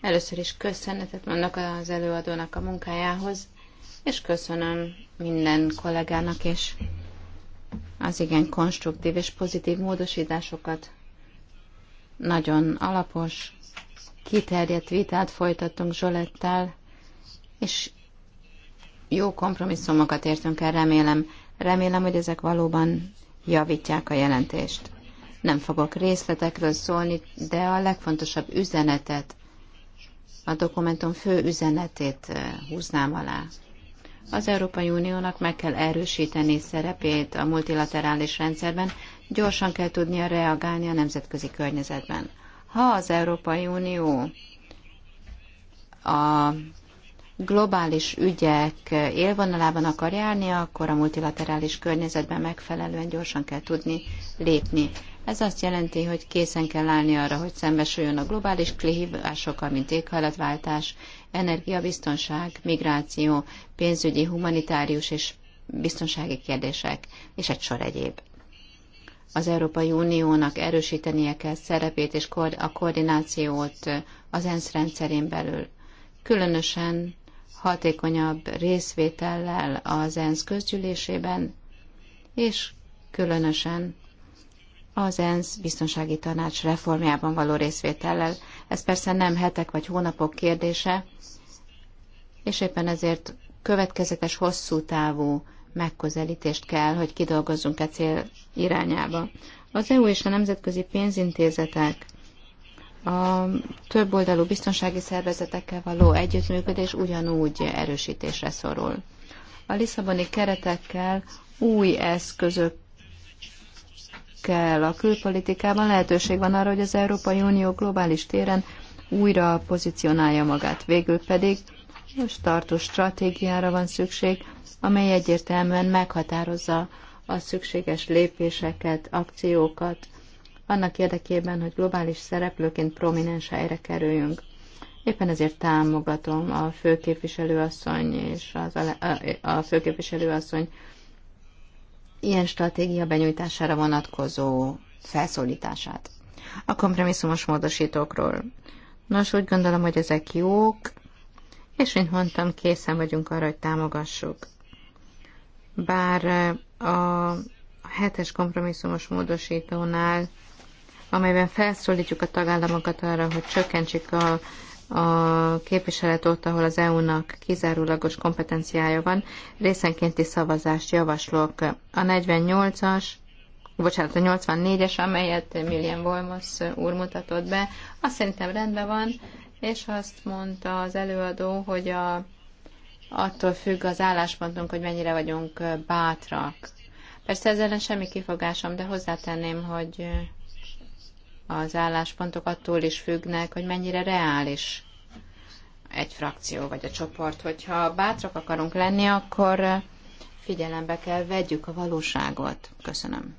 S2: Először is köszönetet mondok az előadónak a munkájához, és köszönöm minden kollégának és az igen konstruktív és pozitív módosításokat. Nagyon alapos, kiterjedt vitát folytattunk Zsolettel, és jó kompromisszumokat értünk el, remélem. Remélem, hogy ezek valóban javítják a jelentést. Nem fogok részletekről szólni, de a legfontosabb üzenetet, a dokumentum fő üzenetét eh, húznám alá. Az Európai Uniónak meg kell erősíteni szerepét a multilaterális rendszerben, gyorsan kell tudnia reagálni a nemzetközi környezetben. Ha az Európai Unió a globális ügyek élvonalában akar járni, akkor a multilaterális környezetben megfelelően gyorsan kell tudni lépni. Ez azt jelenti, hogy készen kell állni arra, hogy szembesüljön a globális kihívásokkal, mint éghajlatváltás, energiabiztonság, migráció, pénzügyi, humanitárius és biztonsági kérdések, és egy sor egyéb. Az Európai Uniónak erősítenie kell szerepét és a koordinációt az ENSZ rendszerén belül. Különösen hatékonyabb részvétellel az ENSZ közgyűlésében, és különösen az ENSZ biztonsági tanács reformjában való részvétellel. Ez persze nem hetek vagy hónapok kérdése, és éppen ezért következetes, hosszú távú megközelítést kell, hogy kidolgozzunk e cél irányába. Az EU és a nemzetközi pénzintézetek a több oldalú biztonsági szervezetekkel való együttműködés ugyanúgy erősítésre szorul. A Lisszaboni keretekkel új eszközök kell a külpolitikában lehetőség van arra, hogy az Európai Unió globális téren újra pozícionálja magát. Végül pedig most tartó stratégiára van szükség, amely egyértelműen meghatározza a szükséges lépéseket, akciókat, annak érdekében, hogy globális szereplőként prominens helyre kerüljünk. Éppen ezért támogatom a főképviselőasszony és az, a főképviselőasszony ilyen stratégia benyújtására vonatkozó felszólítását. A kompromisszumos módosítókról. Nos, úgy gondolom, hogy ezek jók, és mint mondtam, készen vagyunk arra, hogy támogassuk. Bár a hetes kompromisszumos módosítónál amelyben felszólítjuk a tagállamokat arra, hogy csökkentsék a, a képviselet ott, ahol az EU-nak kizárólagos kompetenciája van, részenkénti szavazást javaslok. A 48-as, bocsánat, a 84-es, amelyet Millian Volmos úr mutatott be, azt szerintem rendben van, és azt mondta az előadó, hogy a, attól függ az álláspontunk, hogy mennyire vagyunk bátrak. Persze ezzel semmi kifogásom, de hozzátenném, hogy az álláspontok attól is függnek, hogy mennyire reális egy frakció vagy a csoport. Hogyha bátrak akarunk lenni, akkor figyelembe kell vegyük a valóságot. Köszönöm.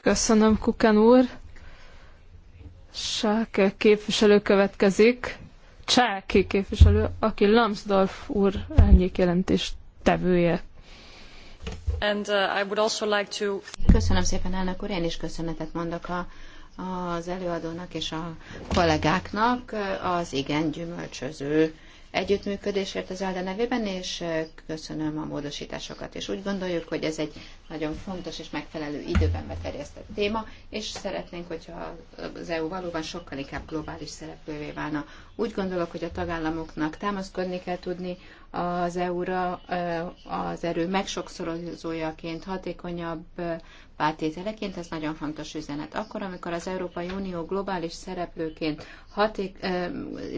S2: Köszönöm, Kukan úr. Sáke
S1: képviselő következik. Csáki képviselő, aki Lambsdorff úr elnyék jelentést tevője.
S2: And, uh, I would also like to... Köszönöm szépen, elnök úr, én is köszönetet mondok a, az előadónak és a kollégáknak az igen gyümölcsöző együttműködésért az Alda nevében, és uh, köszönöm a módosításokat. És úgy gondoljuk, hogy ez egy nagyon fontos és megfelelő időben beterjesztett téma, és szeretnénk, hogyha az EU valóban sokkal inkább globális szereplővé válna. Úgy gondolok, hogy a tagállamoknak támaszkodni kell tudni az EU-ra az erő megsokszorozójaként, hatékonyabb váltételeként, ez nagyon fontos üzenet. Akkor, amikor az Európai Unió globális szereplőként haték,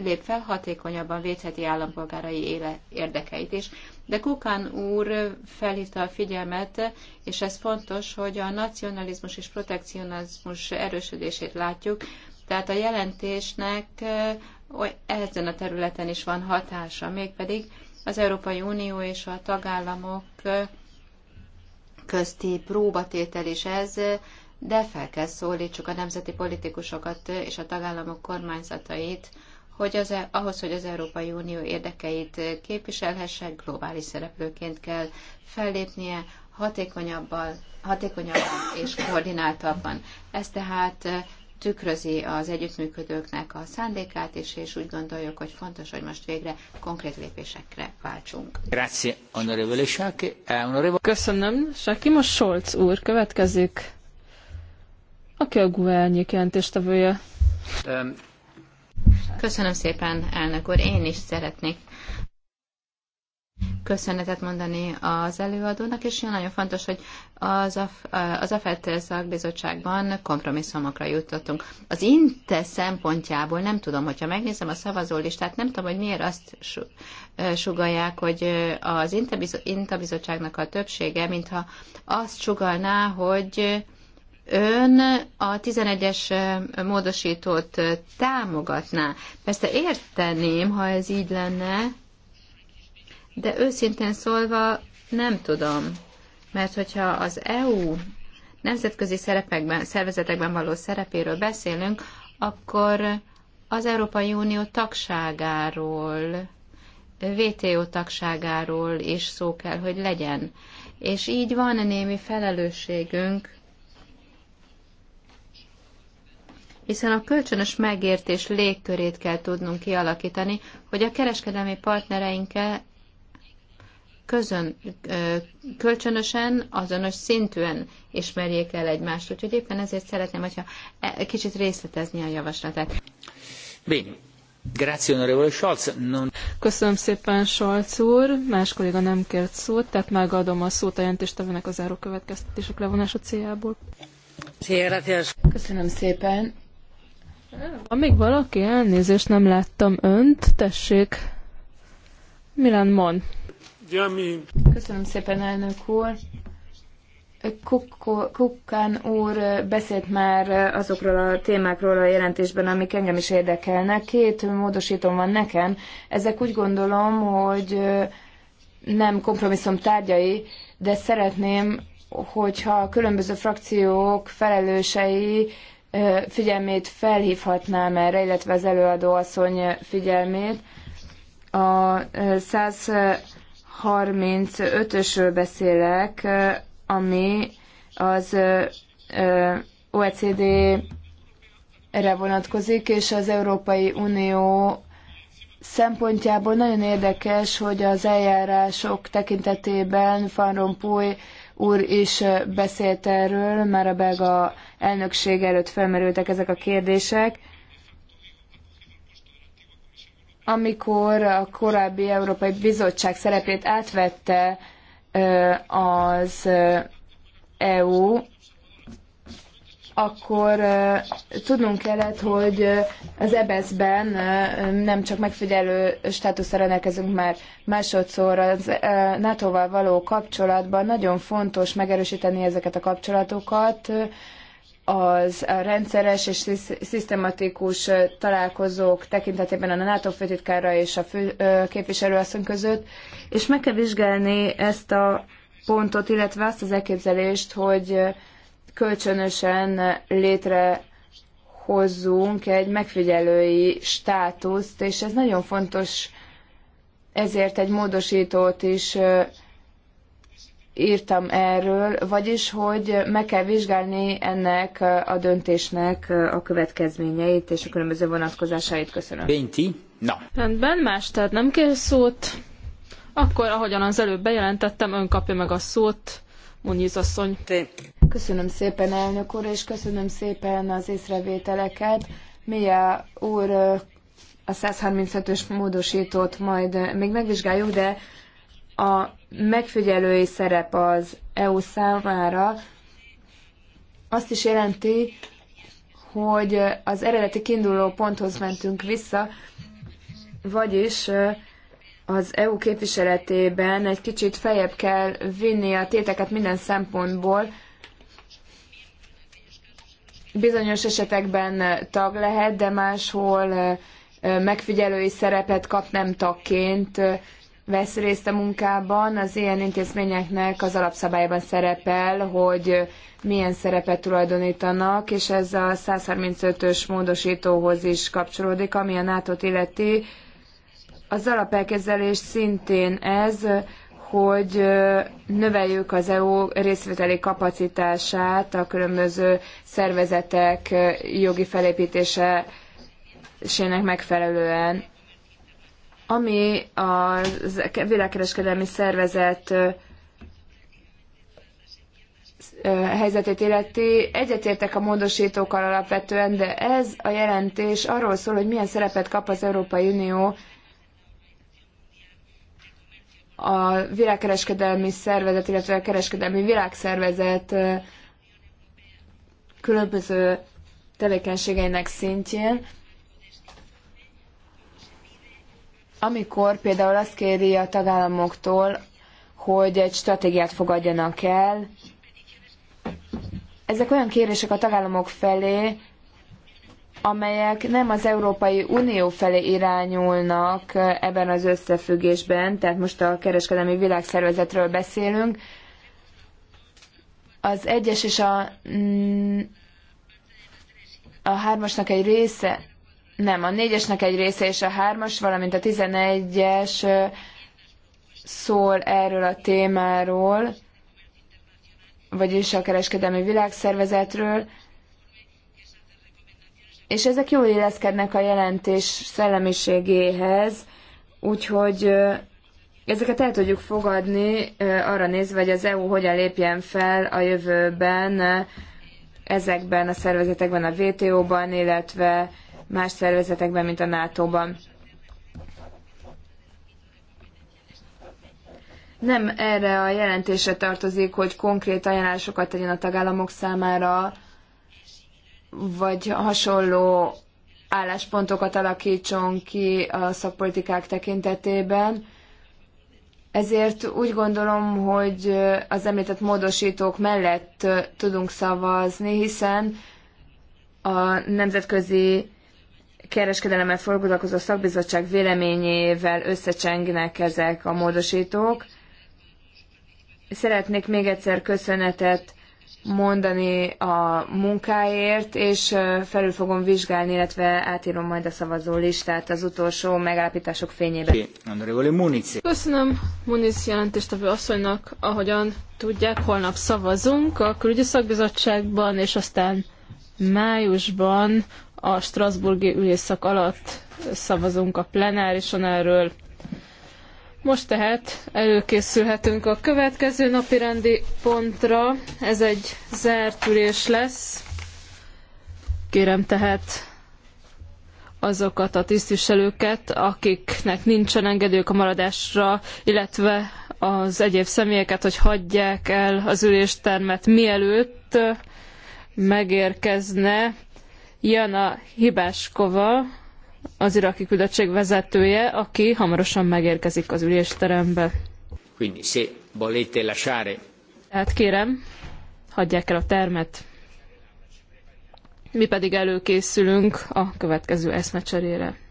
S2: lép fel, hatékonyabban védheti állampolgárai éle, érdekeit is, de Kukán úr felhívta a figyelmet, és ez fontos, hogy a nacionalizmus és protekcionizmus erősödését látjuk, tehát a jelentésnek ezen a területen is van hatása, mégpedig az Európai Unió és a tagállamok közti próbatétel is ez, de fel kell szólítsuk a nemzeti politikusokat és a tagállamok kormányzatait hogy az, e- ahhoz, hogy az Európai Unió érdekeit képviselhesse, globális szereplőként kell fellépnie, hatékonyabban, hatékonyabban és koordináltabban. Ez tehát e, tükrözi az együttműködőknek a szándékát, és, és úgy gondoljuk, hogy fontos, hogy most végre konkrét lépésekre váltsunk.
S1: Eh, Köszönöm, Saki. Most Scholz úr következik, aki a guvernyék jelentéstevője.
S2: Um. Köszönöm szépen, elnök úr. Én is szeretnék köszönetet mondani az előadónak, és nagyon fontos, hogy az, AF, az AFET szakbizottságban kompromisszumokra jutottunk. Az INTE szempontjából nem tudom, hogyha megnézem a szavazólistát, nem tudom, hogy miért azt sugalják, hogy az INTE bizottságnak a többsége, mintha azt sugalná, hogy ön a 11-es módosítót támogatná. Persze érteném, ha ez így lenne, de őszintén szólva nem tudom. Mert hogyha az EU nemzetközi szerepekben, szervezetekben való szerepéről beszélünk, akkor az Európai Unió tagságáról, WTO tagságáról is szó kell, hogy legyen. És így van némi felelősségünk hiszen a kölcsönös megértés légkörét kell tudnunk kialakítani, hogy a kereskedelmi partnereinkkel közön, kölcsönösen, azonos szintűen ismerjék el egymást. Úgyhogy éppen ezért szeretném, hogyha e, kicsit részletezni a javaslatát.
S1: Bene. Grazie, onorevole Scholz. Non... Köszönöm szépen, Scholz úr. Más kolléga nem kért szót, tehát megadom a szót a jelentéstevőnek az záró következtetések levonása céljából. Köszönöm szépen. Van még valaki? Elnézést, nem láttam önt. Tessék. Milán Mon.
S3: Köszönöm szépen, elnök úr. kukkan úr beszélt már azokról a témákról a jelentésben, amik engem is érdekelnek. Két módosítom van nekem. Ezek úgy gondolom, hogy nem kompromisszum tárgyai, de szeretném, hogyha a különböző frakciók felelősei figyelmét felhívhatnám erre, illetve az előadó asszony figyelmét. A 135-ösről beszélek, ami az OECD-re vonatkozik, és az Európai Unió szempontjából nagyon érdekes, hogy az eljárások tekintetében Van Rompuy úr is eh, beszélt erről, már a belga elnökség előtt felmerültek ezek a kérdések. Amikor a korábbi Európai Bizottság szerepét átvette eh, az EU, eh, e akkor tudnunk kellett, hogy az EBSZ-ben e nem csak megfigyelő státuszra rendelkezünk már másodszor, az NATO-val való kapcsolatban nagyon fontos megerősíteni ezeket a kapcsolatokat, az a rendszeres és szisztematikus találkozók tekintetében a NATO főtitkára és a fő képviselőasszony között, és meg kell vizsgálni ezt a pontot, illetve azt az elképzelést, hogy kölcsönösen létrehozzunk egy megfigyelői státuszt, és ez nagyon fontos, ezért egy módosítót is írtam erről, vagyis, hogy meg kell vizsgálni ennek a döntésnek a következményeit és a különböző vonatkozásait. Köszönöm. 20? Na. Rendben, más, tehát nem kér szót.
S1: Akkor, ahogyan az előbb bejelentettem, ön kapja meg a szót, Muniz asszony.
S3: Köszönöm szépen, elnök úr, és köszönöm szépen az észrevételeket. Mia úr a 135-ös módosítót majd még megvizsgáljuk, de a megfigyelői szerep az EU számára azt is jelenti, hogy az eredeti kiinduló ponthoz mentünk vissza, vagyis az EU képviseletében egy kicsit fejebb kell vinni a téteket minden szempontból, bizonyos esetekben tag lehet, de máshol megfigyelői szerepet kap nem tagként, vesz részt a munkában, az ilyen intézményeknek az alapszabályban szerepel, hogy milyen szerepet tulajdonítanak, és ez a 135-ös módosítóhoz is kapcsolódik, ami a NATO-t illeti. Az alapelkezelés szintén ez, hogy növeljük az EU részvételi kapacitását a különböző szervezetek jogi felépítésének megfelelően. Ami a világkereskedelmi szervezet helyzetét illeti, egyetértek a módosítókkal alapvetően, de ez a jelentés arról szól, hogy milyen szerepet kap az Európai Unió a világkereskedelmi szervezet, illetve a kereskedelmi világszervezet különböző tevékenységeinek szintjén, amikor például azt kéri a tagállamoktól, hogy egy stratégiát fogadjanak el, ezek olyan kérések a tagállamok felé, amelyek nem az Európai Unió felé irányulnak eh, ebben az összefüggésben, tehát most a kereskedelmi világszervezetről beszélünk, az egyes és a, a hármasnak egy része, nem, a négyesnek egy része és a hármas, valamint a tizenegyes eh, szól erről a témáról, vagyis a kereskedelmi világszervezetről, és ezek jól illeszkednek a jelentés szellemiségéhez, úgyhogy ezeket el tudjuk fogadni arra nézve, hogy az EU hogyan lépjen fel a jövőben ezekben a szervezetekben, a WTO-ban, illetve más szervezetekben, mint a NATO-ban. Nem erre a jelentésre tartozik, hogy konkrét ajánlásokat tegyen a tagállamok számára vagy hasonló álláspontokat alakítson ki a szakpolitikák tekintetében. Ezért úgy gondolom, hogy az említett módosítók mellett tudunk szavazni, hiszen a nemzetközi kereskedelemmel foglalkozó szakbizottság véleményével összecsengnek ezek a módosítók. Szeretnék még egyszer köszönetet mondani a munkáért, és felül fogom vizsgálni, illetve átírom majd a szavazó listát az utolsó megállapítások fényében. Köszönöm
S1: Muniz jelentéstevő asszonynak, ahogyan tudják, holnap szavazunk a külügyi szakbizottságban, és aztán májusban a Strasburgi ülésszak alatt szavazunk a plenárison erről. Most tehát előkészülhetünk a következő napirendi pontra. Ez egy zárt ülés lesz. Kérem tehát azokat a tisztviselőket, akiknek nincsen engedélyük a maradásra, illetve az egyéb személyeket, hogy hagyják el az üléstermet mielőtt megérkezne Jana Hibáskova, az iraki küldöttség vezetője, aki hamarosan megérkezik az ülésterembe.
S2: Quindi se volete lasciare.
S1: Tehát kérem, hagyják el a termet. Mi pedig előkészülünk a következő eszmecserére.